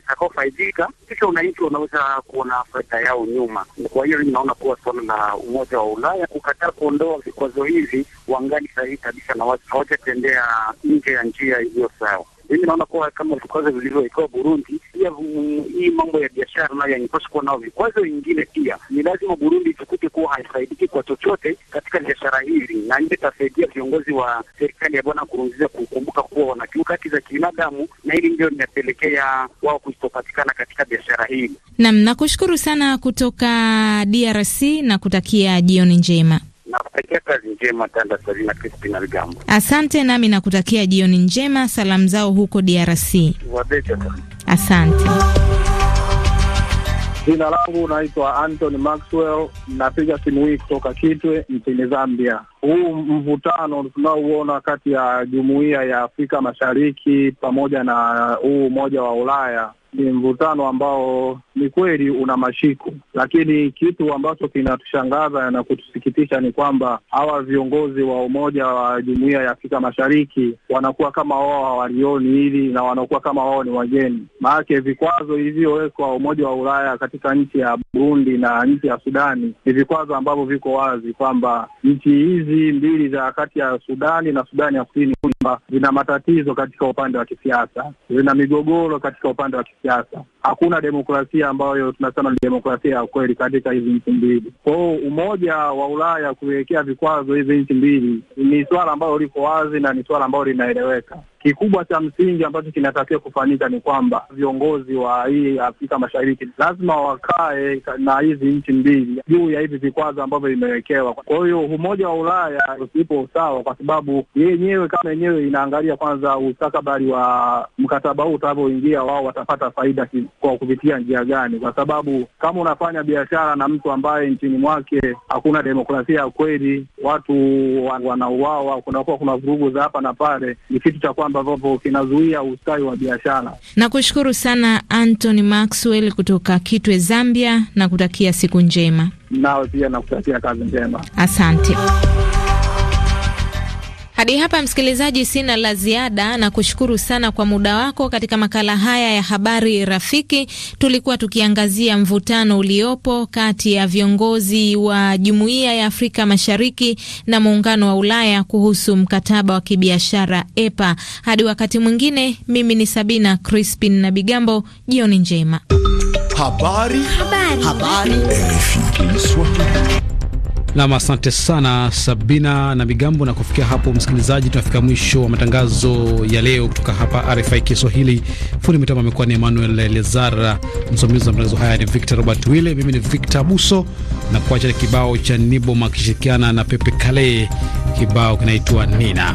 itakaofaidika, kisha wananchi wanaweza kuona faida yao nyuma. Kwa hiyo naona kuwa suala la Umoja wa Ulaya kukataa kuondoa vikwazo hivi wangali sahihi kabisa na hawajatendea nje ya njia iliyo sawa mimi naona kuwa kama vikwazo vilivyowekewa Burundi, pia hii mambo ya biashara nayo yanipaswa kuwa nao vikwazo vingine. Pia ni lazima Burundi ichukute kuwa haifaidiki kwa chochote katika biashara hili, na ndio itasaidia viongozi wa serikali ya Bwana Nkurunziza kukumbuka kuwa wanakiuka haki za kibinadamu, na hili ndio linapelekea wao kutopatikana katika biashara hili. Nam, nakushukuru sana kutoka DRC na kutakia jioni njema. Nakutakia kazi njema Tanda Asante, nami nakutakia jioni njema. Salamu zao huko DRC. Asante. Jina langu naitwa Anthony Maxwell, napiga simu hii kutoka Kitwe nchini Zambia. Huu mvutano tunaouona kati ya jumuiya ya Afrika Mashariki pamoja na huu umoja wa Ulaya ni mvutano ambao ni kweli una mashiko, lakini kitu ambacho kinatushangaza na kutusikitisha ni kwamba hawa viongozi wa Umoja wa Jumuiya ya Afrika Mashariki wanakuwa kama wao hawalioni hili na wanakuwa kama wao ni wageni. Maanake vikwazo ilivyowekwa Umoja wa Ulaya katika nchi ya Burundi na nchi ya Sudani ni vikwazo ambavyo viko wazi kwamba nchi hizi mbili za kati ya Sudani na Sudani ya Kusini kwamba zina matatizo katika upande wa kisiasa, zina migogoro katika upande wa kisiasa. 第二个。hakuna demokrasia ambayo tunasema ni demokrasia ya kweli katika hizi nchi mbili. Kwa umoja wa Ulaya kuwekea vikwazo hizi nchi mbili ni swala ambalo liko wazi na ni swala ambalo linaeleweka. Kikubwa cha msingi ambacho kinatakiwa kufanyika ni kwamba viongozi wa hii Afrika Mashariki lazima wakae na hizi nchi mbili juu ya hivi vikwazo ambavyo vimewekewa. Kwa hiyo umoja wa Ulaya usipo usawa, kwa sababu yenyewe kama yenyewe inaangalia kwanza ustakabali wa mkataba huu utavyoingia, wao watapata faida kwa kupitia njia gani? Kwa sababu kama unafanya biashara na mtu ambaye nchini mwake hakuna demokrasia ya kweli, watu wanauawa, kunakuwa kuna vurugu za hapa na pale, ni kitu cha kwamba ambavyo kinazuia ustawi wa biashara. Nakushukuru sana Anthony Maxwell kutoka Kitwe, Zambia, na kutakia siku njema. Nawe pia nakutakia kazi njema, asante. Hadi hapa msikilizaji, sina la ziada na kushukuru sana kwa muda wako katika makala haya ya habari rafiki. Tulikuwa tukiangazia mvutano uliopo kati ya viongozi wa Jumuiya ya Afrika Mashariki na Muungano wa Ulaya kuhusu mkataba wa kibiashara EPA. Hadi wakati mwingine, mimi ni Sabina Crispin na Bigambo, jioni njema. Habari. Habari. Habari. Nam, asante sana Sabina na Migambo. Na kufikia hapo, msikilizaji, tunafika mwisho wa matangazo ya leo kutoka hapa RFI Kiswahili. Fundi mitambo amekuwa ni Emmanuel Lezara, msimamizi wa matangazo haya ni Victor Robert Wille, mimi ni Victor Buso na kuacha kibao cha niboma akishirikiana na Pepe Kale. Kibao kinaitwa Nina.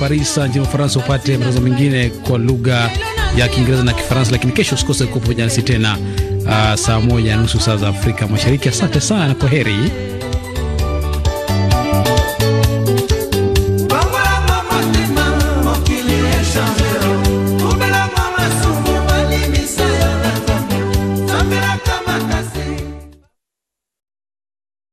Paris nchini Ufaransa upate matangazo mengine kwa lugha ya Kiingereza na Kifaransa, lakini kesho usikose kuwa pamoja nasi tena, uh, saa moja na nusu saa za Afrika Mashariki. Asante sana na kwa heri.